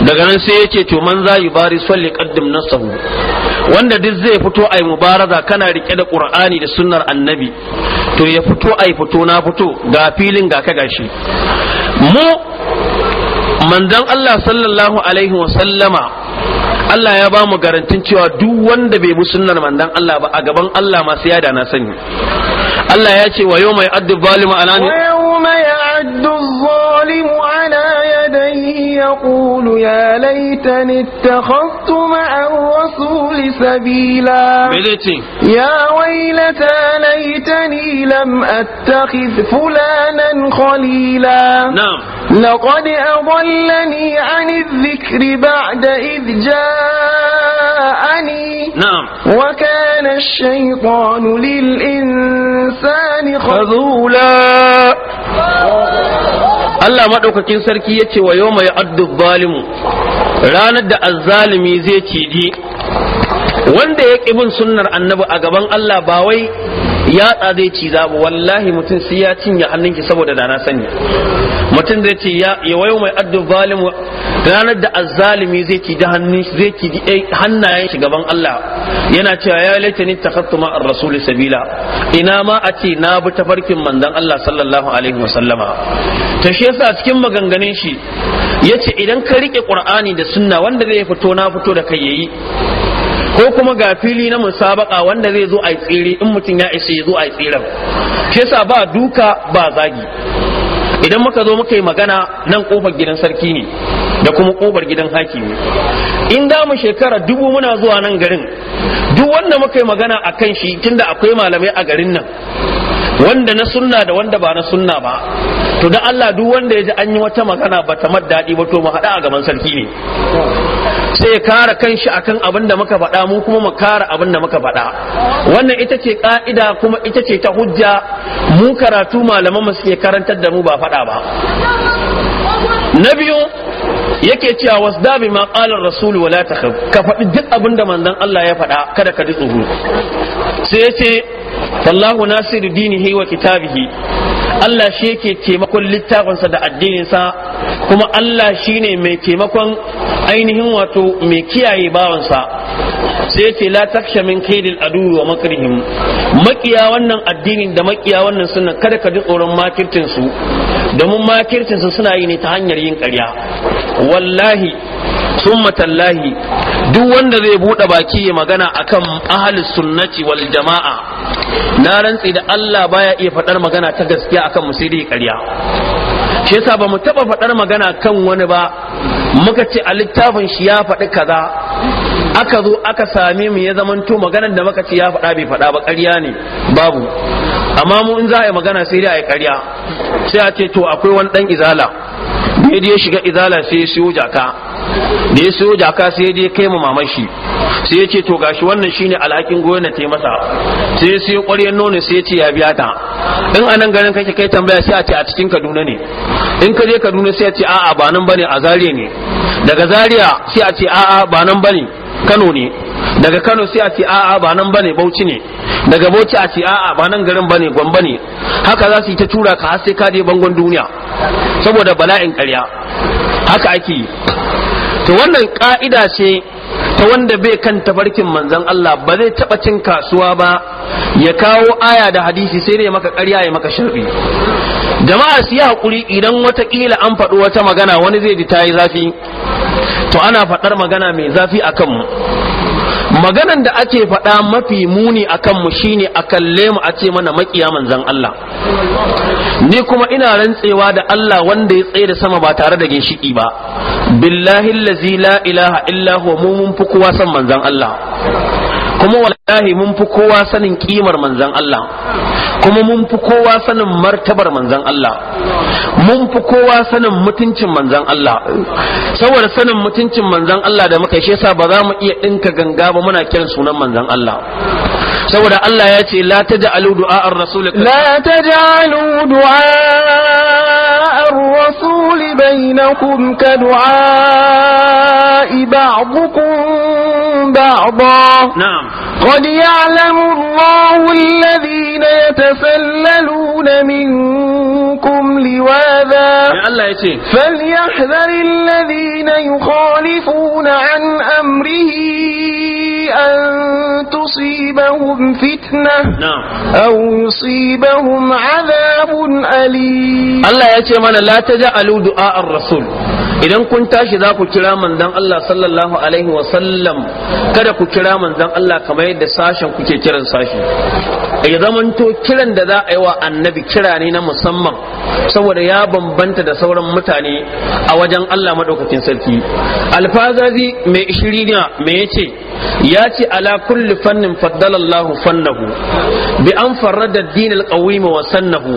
daga nan sai ya to man za yi bari salli na sahu. wanda duk zai fito a yi mubaraza kana rike da ƙur'ani da sunnar annabi to ya fito a yi fito na fito ga filin ga ka gashi mu manzon Allah sallallahu alaihi wa sallama Allah ya ba mu garantin cewa duk wanda bai bi sunnar manzon Allah ba a gaban Allah masu yada na sani Allah ya ce wa yawma ya'addu zalimu ala يقول يا ليتني اتخذت مع الرسول سبيلا يا ويلتى ليتني لم أتخذ فلانا خليلا نعم لقد أضلني عن الذكر بعد إذ جاءني نعم وكان الشيطان للإنسان خذولا Allah maɗaukakin sarki ya ce wa yau ya addu zalimu ranar da azzalimi zai cidi wanda ya bin sunnar annabi a gaban Allah ba wai yatsa zai ci ba wallahi mutum sai ya cinye hannunki saboda da na sani mutum zai ce ya wayo mai addu zalimu ranar da azzalimi zai ci da hannun zai ci hannayen shi gaban Allah yana cewa ya laitani takhattu ma ar-rasul sabila ina ma a ce na bi tafarkin manzon Allah sallallahu alaihi wasallama ta shi yasa cikin maganganun shi yace idan ka rike qur'ani da sunna wanda zai fito na fito da kai yayi ko kuma ga fili na musabaka wanda zai zo a yi tsere in mutum ya isa ya zo a yi tseren sa ba duka ba zagi idan muka zo muka yi magana nan kofar gidan sarki ne da kuma kofar gidan ne. in da mu shekara dubu muna zuwa nan garin duk wanda muka yi magana a kan shi tunda akwai malamai a garin nan wanda na sunna da wanda ba na sunna ba to dan Allah duk wanda ya ji an yi wata magana ba ta daɗi ba to mu haɗa a gaban sarki ne sai ya kara kanshi akan abin da muka faɗa mu kuma mu kara abin da muka faɗa wannan ita ce ka'ida kuma ita ce ta hujja mu karatu malaman mu suke karantar da mu ba faɗa ba na biyu yake cewa wasda bi ma qala rasul wala takhaf ka faɗi duk abin da manzon Allah ya faɗa kada ka ji tsoro sai ya ce wallahu nasiru dinihi wa kitabihi Allah shi yake taimakon littafinsa da addininsa kuma Allah shi ne mai taimakon ainihin wato mai kiyaye bawansa sai ce la taksha min kaidil adu wa makrihim makiya wannan addinin da makiya wannan suna kada ka ji tsoron makircin su domin makircin su suna yi ne ta hanyar yin ƙarya wallahi summa tallahi duk wanda zai buɗe baki ya magana akan ahli sunnati wal jama'a na rantsi da Allah baya iya faɗar magana ta gaskiya akan musiri ƙarya shi yasa ba mu taɓa faɗar magana kan wani ba muka ce a littafin shi ya faɗi kaza aka zo aka same mu ya zamanto maganar da muka ce ya faɗa bai faɗa ba ƙarya ne babu amma mu in za a yi magana sai dai a yi ƙarya sai a ce to akwai wani dan izala da ya shiga izala sai ya siyo jaka da ya siyo jaka sai dai kai mu maman shi sai ya ce to gashi wannan shine alhakin goyon ta masa sai ya siyo ƙwaryar nono sai ya ce ya biya ta in anan garin kake kai tambaya sai a ce a cikin Kaduna ne in ka je Kaduna sai a ce a'a ba nan bane a Zaria ne daga Zaria sai a ce a'a ba nan bane Kano ne daga Kano sai a ce a'a ba nan bane Bauchi ne daga Bauchi a ce a'a ba nan garin bane Gombe ne haka za su yi ta tura ka har sai ka je bangon duniya saboda bala'in ƙarya haka ake yi to wannan ka'ida ce ta wanda bai kan tafarkin manzon Allah ba zai taɓa cin kasuwa ba ya kawo aya da hadisi sai dai maka ƙarya ya maka sharri jama'a su yi haƙuri idan watakila an faɗo wata magana wani zai ji ta yi zafi to ana faɗar magana mai zafi a kanmu maganan da ake faɗa mafi muni a kanmu shine a kalle mu a ce mana makiya manzan Allah ni kuma ina rantsewa da Allah wanda ya tsaye da sama ba tare da ginshiki ba billahi la ilaha illa huwa mumun fukuwa san manzan Allah kuma wallahi mun fi kowa sanin kimar manzan Allah kuma mun fi kowa sanin martabar manzan Allah mun fi kowa sanin mutuncin manzan Allah saboda sanin mutuncin manzan Allah da muka shi yasa ba za mu iya dinka ganga ba muna kiran sunan manzan Allah saboda Allah ya ce la taj'alu du'a ar-rasul la taj'alu du'a ar-rasul bainakum ka du'a ba'dukum ba'dha na'am قد يعلم الله الذين يتسللون منكم لواذا فليحذر الذين يخالفون عن أمره أن تصيبهم فتنة أو يصيبهم عذاب أليم الله يتمنى لا تجعلوا دعاء الرسول idan kun tashi za ku kira manzon Allah sallallahu alaihi wa sallam kada ku kira manzon Allah kamar yadda sashen kuke kiran sashi ya zamanto kiran da za a yi wa annabi kira ne na musamman saboda ya bambanta da sauran mutane a wajen Allah madaukakin sarki alfazazi mai ishirina mai yace ya ce ala kulli fannin faddalallahu fannahu bi an farrada ad-din al wa sannahu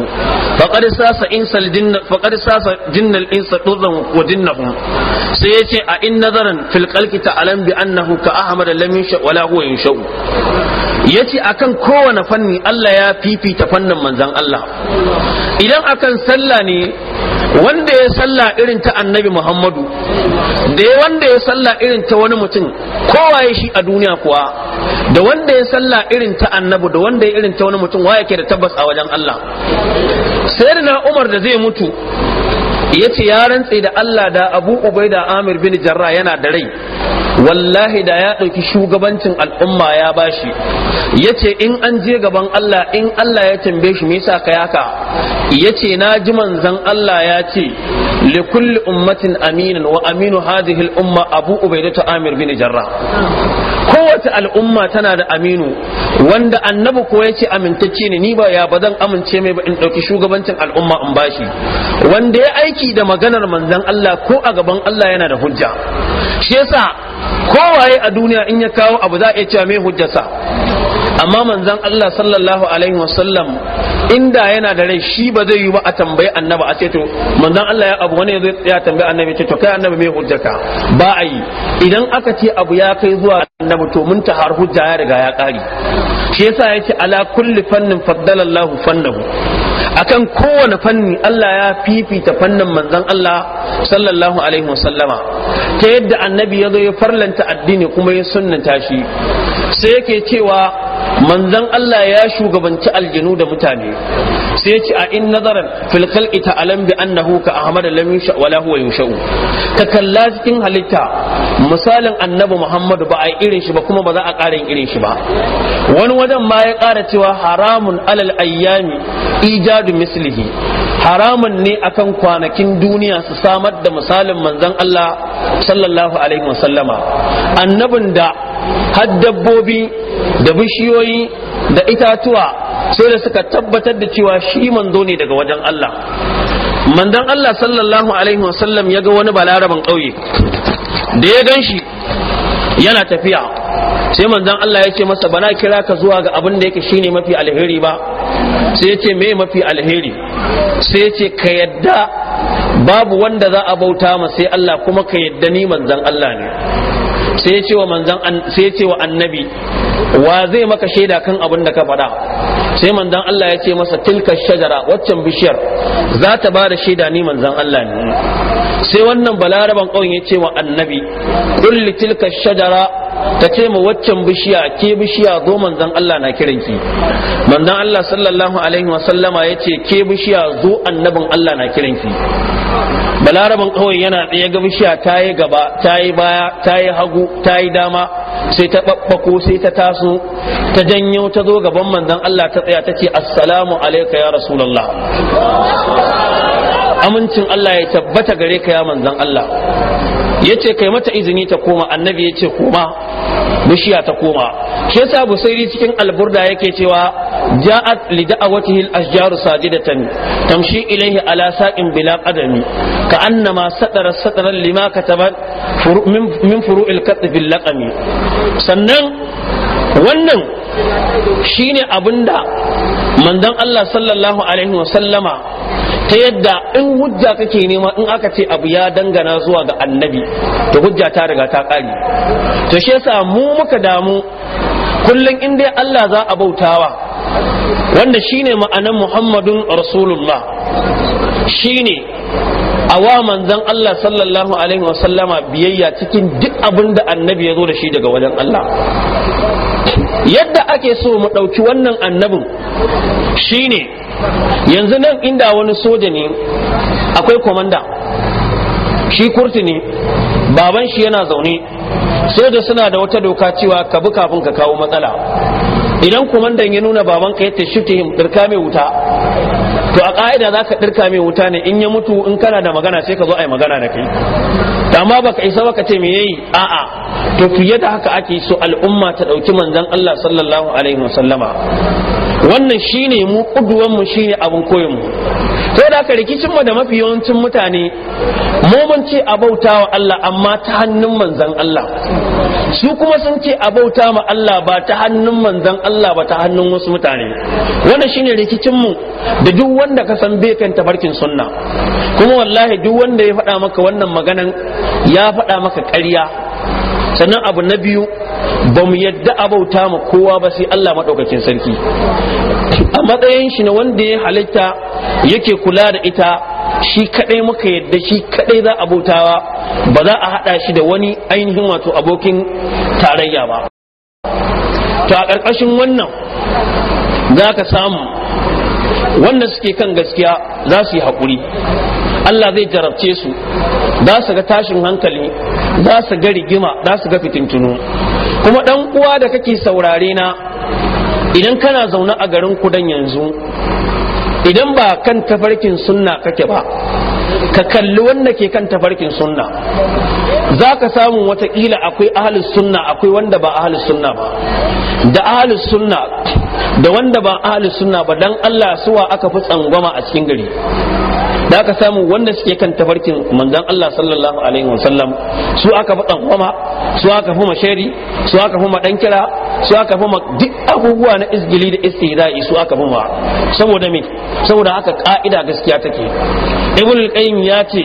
faqad sasa insal jinn faqad sasa jinnal insa dudhan wa dinnahum sai ya ce a in nazaran fil qalqi ta'alam bi annahu ka ahmad lam yasha wala huwa yasha ya ce a kan kowane fanni Allah ya fifita fannin manzan Allah idan akan sallah ne wanda ya salla irin ta annabi muhammadu da wanda ya salla irin ta wani mutum kowaye shi a duniya kuwa da wanda ya salla irin ta annabi da wanda ya irin ta wani mutum waye ke da tabbas a wajen Allah sai na umar da zai mutu ya ce ya rantse da Allah da abu da amir bin jarra yana da rai wallahi da ya ɗauki shugabancin al'umma ya bashi ya ce in an je gaban Allah in Allah ya tambaye shi misa ka yaka ya ce na ji manzan Allah ya ce li kulli ummatin aminin wa aminu hadhihi al'umma abu ubaidatu amir bin jarra kowace al'umma tana da aminu wanda annabi ko ya ce amintacce ne ni ba ya ba zan amince mai ba in ɗauki shugabancin al'umma in bashi wanda ya aiki aiki da maganar manzan Allah ko a gaban Allah yana da hujja shi yasa kowaye a duniya in ya kawo abu za a iya cewa mai hujjarsa amma manzan Allah sallallahu alaihi wasallam inda yana da rai shi ba zai yi ba a tambayi annaba a ce to manzon Allah ya abu wani zai tsaya tambayi annabi ce to kai annabi mai hujjaka ba a yi idan aka ce abu ya kai zuwa annabi to mun ta har hujja ya riga ya kare shi yasa ce ala kulli fannin faddala Allahu fannahu akan kowane fanni Allah ya fifita fannin manzon Allah sallallahu alaihi wasallama ta yadda annabi ya zo ya farlanta addini kuma ya sunnanta shi sai yake cewa manzon Allah ya shugabanci aljinu da mutane sai ya ce a in nazaran fil khalqi ta'alam bi annahu ka ahmad lam yusha wala huwa yushau ka kalla cikin halitta misalin annabi Muhammadu ba a irin shi ba kuma ba za a ƙara irin shi ba wani wajen ma ya ƙara cewa haramun alal ayyami ija imdadu mislihi haramun ne akan kwanakin duniya su samar da misalin manzon Allah sallallahu alaihi wasallama annabin da har dabbobi da bishiyoyi da itatuwa sai da suka tabbatar da cewa shi manzo ne daga wajen Allah manzon Allah sallallahu alaihi wasallam ya ga wani balaraban ƙauye da ya gan shi yana tafiya sai manzon Allah ya ce masa bana kira ka zuwa ga abin da yake shine mafi alheri ba sai ce me mafi alheri sai ce ka yadda babu wanda za a bauta ma sai Allah kuma ka yadda ni manzan Allah ne sai ce wa manzan sai ce wa annabi wa zai maka shaida kan abin da ka faɗa sai manzan Allah ya ce masa tilka shajara waccan bishiyar za ta ba da shaida ni manzan Allah ne sai wannan balaraban ƙauyen ya ce wa annabi kulli tilka shajara Tace ce ma waccan bishiya ke bishiya zo manzon Allah na kiranki manzon Allah sallallahu alaihi wa sallama yace ke bishiya zo annabin Allah na kiranki Balarabin kawai yana tsaye ga bishiya ta yi gaba ta yi baya ta yi hagu ta yi dama sai ta ɓaɓɓako sai ta taso ta janyo ta zo gaban manzon Allah ta tsaya ta ce assalamu alaika ya rasulallah. amincin Allah ya tabbata gare ka ya manzan Allah ya ce kai mata izini ta koma annabi ya ce koma bishiya ta koma shi yasa busairi cikin alburda yake cewa ja'at li da'awatihi al-ashjaru sajidatan tamshi ilayhi ala saqin bila qadami ka annama satara satara lima kataban min furu'il katb bil laqami sannan wannan shine abinda manzon Allah sallallahu alaihi wa sallama ta yadda in hujja kake nema in aka ce abu ya dangana zuwa ga annabi to hujja ta riga ta kare to shi yasa mu muka damu kullum in dai Allah za a bautawa wanda shine ma'anan Muhammadun Rasulullah shine a wa manzon Allah sallallahu alaihi wasallama biyayya cikin duk abin da annabi ya zo da shi daga wajen Allah yadda ake so mu ɗauki wannan annabin shine yanzu nan inda wani soja ne akwai komanda shi kurti ne baban shi yana zaune soja suna da wata doka cewa ka bi kafin ka kawo matsala idan kwamandan ya nuna baban ka yadda shi tihim dirka mai wuta to a ƙa'ida za ka dirka mai wuta ne in ya mutu in kana da magana sai ka zo a yi magana da kai to ba baka isa baka ce me yayi a'a to fiye da haka ake so al'umma ta dauki manzon Allah sallallahu alaihi wasallama wannan shine mu kuduwan mu shine abun koyon mu sai da haka rikicin mu da mafi yawancin mutane mu mun ce abautawa Allah amma ta hannun manzon Allah su kuma sun ce abauta ma Allah ba ta hannun manzon Allah ba ta hannun wasu mutane wannan shine rikicin mu da duk wanda ka san bai kan tabarkin sunna kuma wallahi duk wanda ya faɗa maka wannan maganan ya faɗa maka ƙarya sannan abu na biyu ba mu yadda abauta ma kowa ba sai Allah maɗaukakin sarki a matsayin shi na wanda ya halitta yake kula da ita shi kaɗai muka yadda shi kaɗai za a bautawa ba za a haɗa shi da wani ainihin wato abokin tarayya ba to a ƙarƙashin wannan za ka samu wanda suke kan gaskiya za su yi haƙuri Allah zai jarabce su za su ga tashin hankali za su ga rigima za su ga fitintunu kuma dan uwa da kake saurare na idan kana zaune a garin kudan yanzu idan ba kan tafarkin sunna kake ba ka kalli wanda ke kan tafarkin sunna za ka samu watakila akwai ahalus sunna akwai wanda ba ahalus sunna ba da ahalus sunna da wanda ba ahalus sunna ba dan Allah suwa aka fi tsangwama a cikin gari da aka samu wanda suke kan tafarkin manzon Allah sallallahu alaihi wasallam su aka fi kuma su aka fi mashari su aka fi dan kira su aka fi duk abubuwa na isgili da istihza'i su aka fi ma saboda me saboda haka ka'ida gaskiya take ibn qayyim ya ce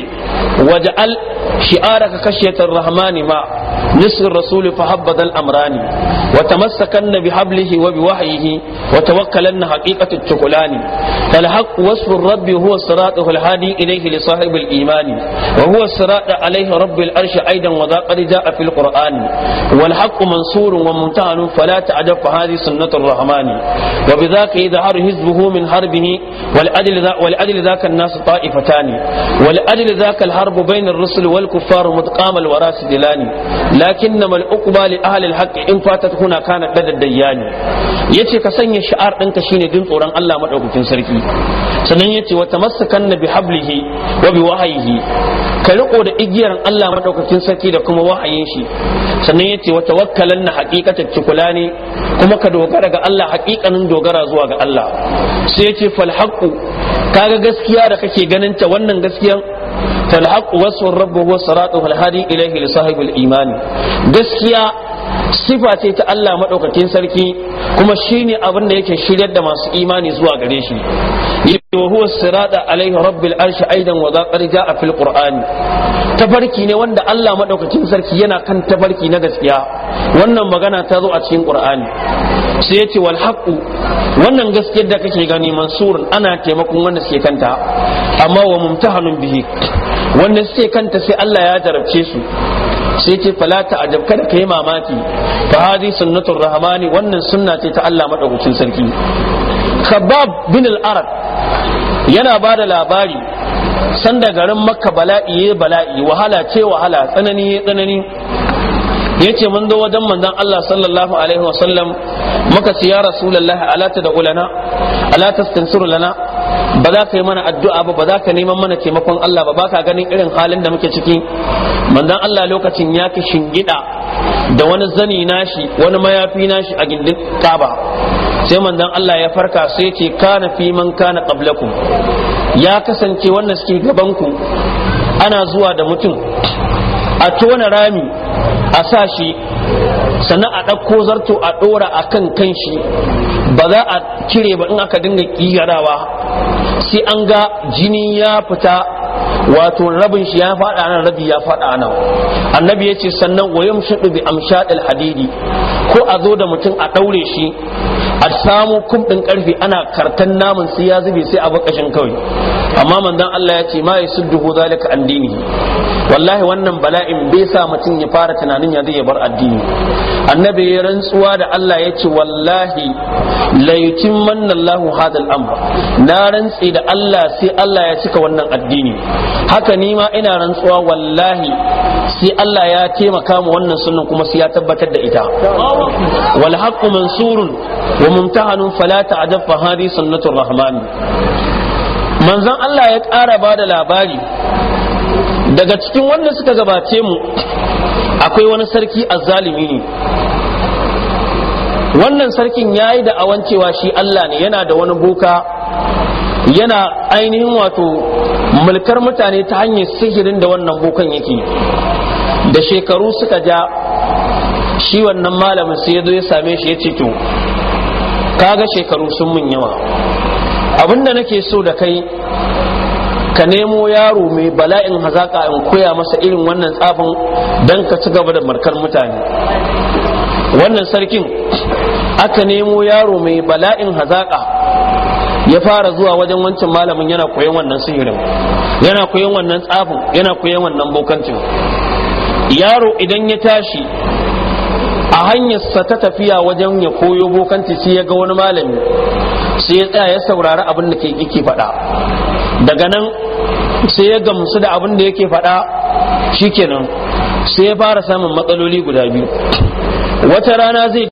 waj'al shi'araka kashiyatar rahmani ma nisr rasuli fa habbadal amrani wa tamassakanna bi hablihi wa bi wahyihi wa tawakkalanna haqiqatu tukulani fal haqq rabbi huwa siratuhu al hadi ilayhi li sahibi al iman wa huwa siratu alayhi rabbil arshi aidan wa qad jaa fil qur'an wal haqq mansurun wa mumtahanun fala ta'jab fa hadhihi sunnatu ar rahmani wa bidhaka yadhharu hizbuhu min harbihi wal adl wal adl dhaka an nas ta'ifatan wal adl dhaka al الحرب بين الرسل والكفار متقام الورى سدلان لكنما الأقبى لأهل الحق إن فاتت هنا كانت لدى الديان يتي كسن شعار أنت شيني دين قران الله مدعوك في سركي سنن يتي وتمسكن بحبله وبوحيه ka riko da igiyar Allah madaukakin sarki da kuma wahayin shi sannan yace wa tawakkalan na haqiqatan tukula ne kuma ka dogara ga Allah haqiqanin dogara zuwa ga Allah sai yace fal ka ga gaskiya da kake ganin ta wannan gaskiyan فالحق وصف الرب هو الصراط والهادي إليه لصاحب الإيمان gaskiya sifa ce ta Allah maɗaukakin sarki kuma shine abin da yake shiryar da masu imani zuwa gare shi wa huwa sirada alaihi rabbil arshi aidan wa zaqar ja'a fil qur'ani tafarki ne wanda Allah maɗaukakin sarki yana kan tafarki na gaskiya wannan magana ta zo a cikin qur'ani sai yace wal haqu wannan gaskiyar da kake gani mansur ana taimakon wanda suke kanta amma wa mumtahanun bihi wanda suke kanta sai Allah ya jarabce su sai ce fala ta ajab kada kai mamaki fa hadi sunnatur rahmani wannan sunna ce ta Allah madaukakin sarki khabbab bin al-arab yana ba da labari sanda garin makka bala'i ya bala'i wahala ce wahala tsanani ya tsanani ya ce mun zo wajen manzon Allah sallallahu alaihi wasallam muka ce ya rasulullah ala da ulana ala lana ba za ka yi mana addu'a ba ba za ka neman mana taimakon Allah ba ka ganin irin halin da muke ciki manzon Allah lokacin ya ki shingida da wani zani nashi wani mayafi nashi a gindin Kaaba sai manzon Allah ya farka sai ce kana fi man kana qablakum ya kasance wannan suke gaban ku ana zuwa da mutum a tona rami a sa shi sannan a ɗauko zarto a ɗora a kan kanshi ba za a kire ba in aka dinga ƙiyarawa sai an ga jini ya fita wato rabin shi ya faɗa nan rabi ya faɗa nan annabi ya ce sannan wayan shudu bi amshadil hadidi ko a zo da mutum a ɗaure shi a samu kum din ana kartan namun sai ya zube sai a bakashin kawai amma manzon Allah ya ce ma yasudduhu zalika addini wallahi wannan bala'in bai sa mutum ya fara tunanin ya zai bar addini annabi ya rantsuwa da Allah ya ce wallahi la yutimmanna Allahu hadal amr na rantsi da Allah sai Allah ya cika wannan addini haka ni ma ina rantsuwa wallahi sai Allah ya taimaka mu wannan sunnan kuma sai ya tabbatar da ita wal haqqu mansurun wa mumtahanun فلا تعجب فهذه سنة الرحمن من manzon Allah ya ƙara bada labari daga cikin wanda suka gabace mu akwai wani sarki azzalimi ne wannan sarkin ya yi da awancewa shi Allah ne yana da wani boka yana ainihin wato mulkar mutane ta hanyar sihirin da wannan bokan yake da shekaru suka ja shi wannan malamin sai ya zo ya same shi ya ce to kaga shekaru sun mun yawa abinda nake so da kai ka nemo yaro mai bala'in hazaka in koya masa irin wannan tsafin don ka ci gaba da markar mutane wannan sarkin aka nemo yaro mai bala'in hazaka ya fara zuwa wajen wancan malamin yana koyon wannan sihirin yana koyon wannan tsafin yana koyon wannan bokancin yaro idan ya tashi a hanyarsa ta tafiya wajen ya koyo bokanci sai ya ga wani malami sai ya tsaya ya saurari abin da yake faɗa daga nan sai ya gamsu da abin da yake faɗa shikenan sai ya fara samun matsaloli guda biyu wata rana zai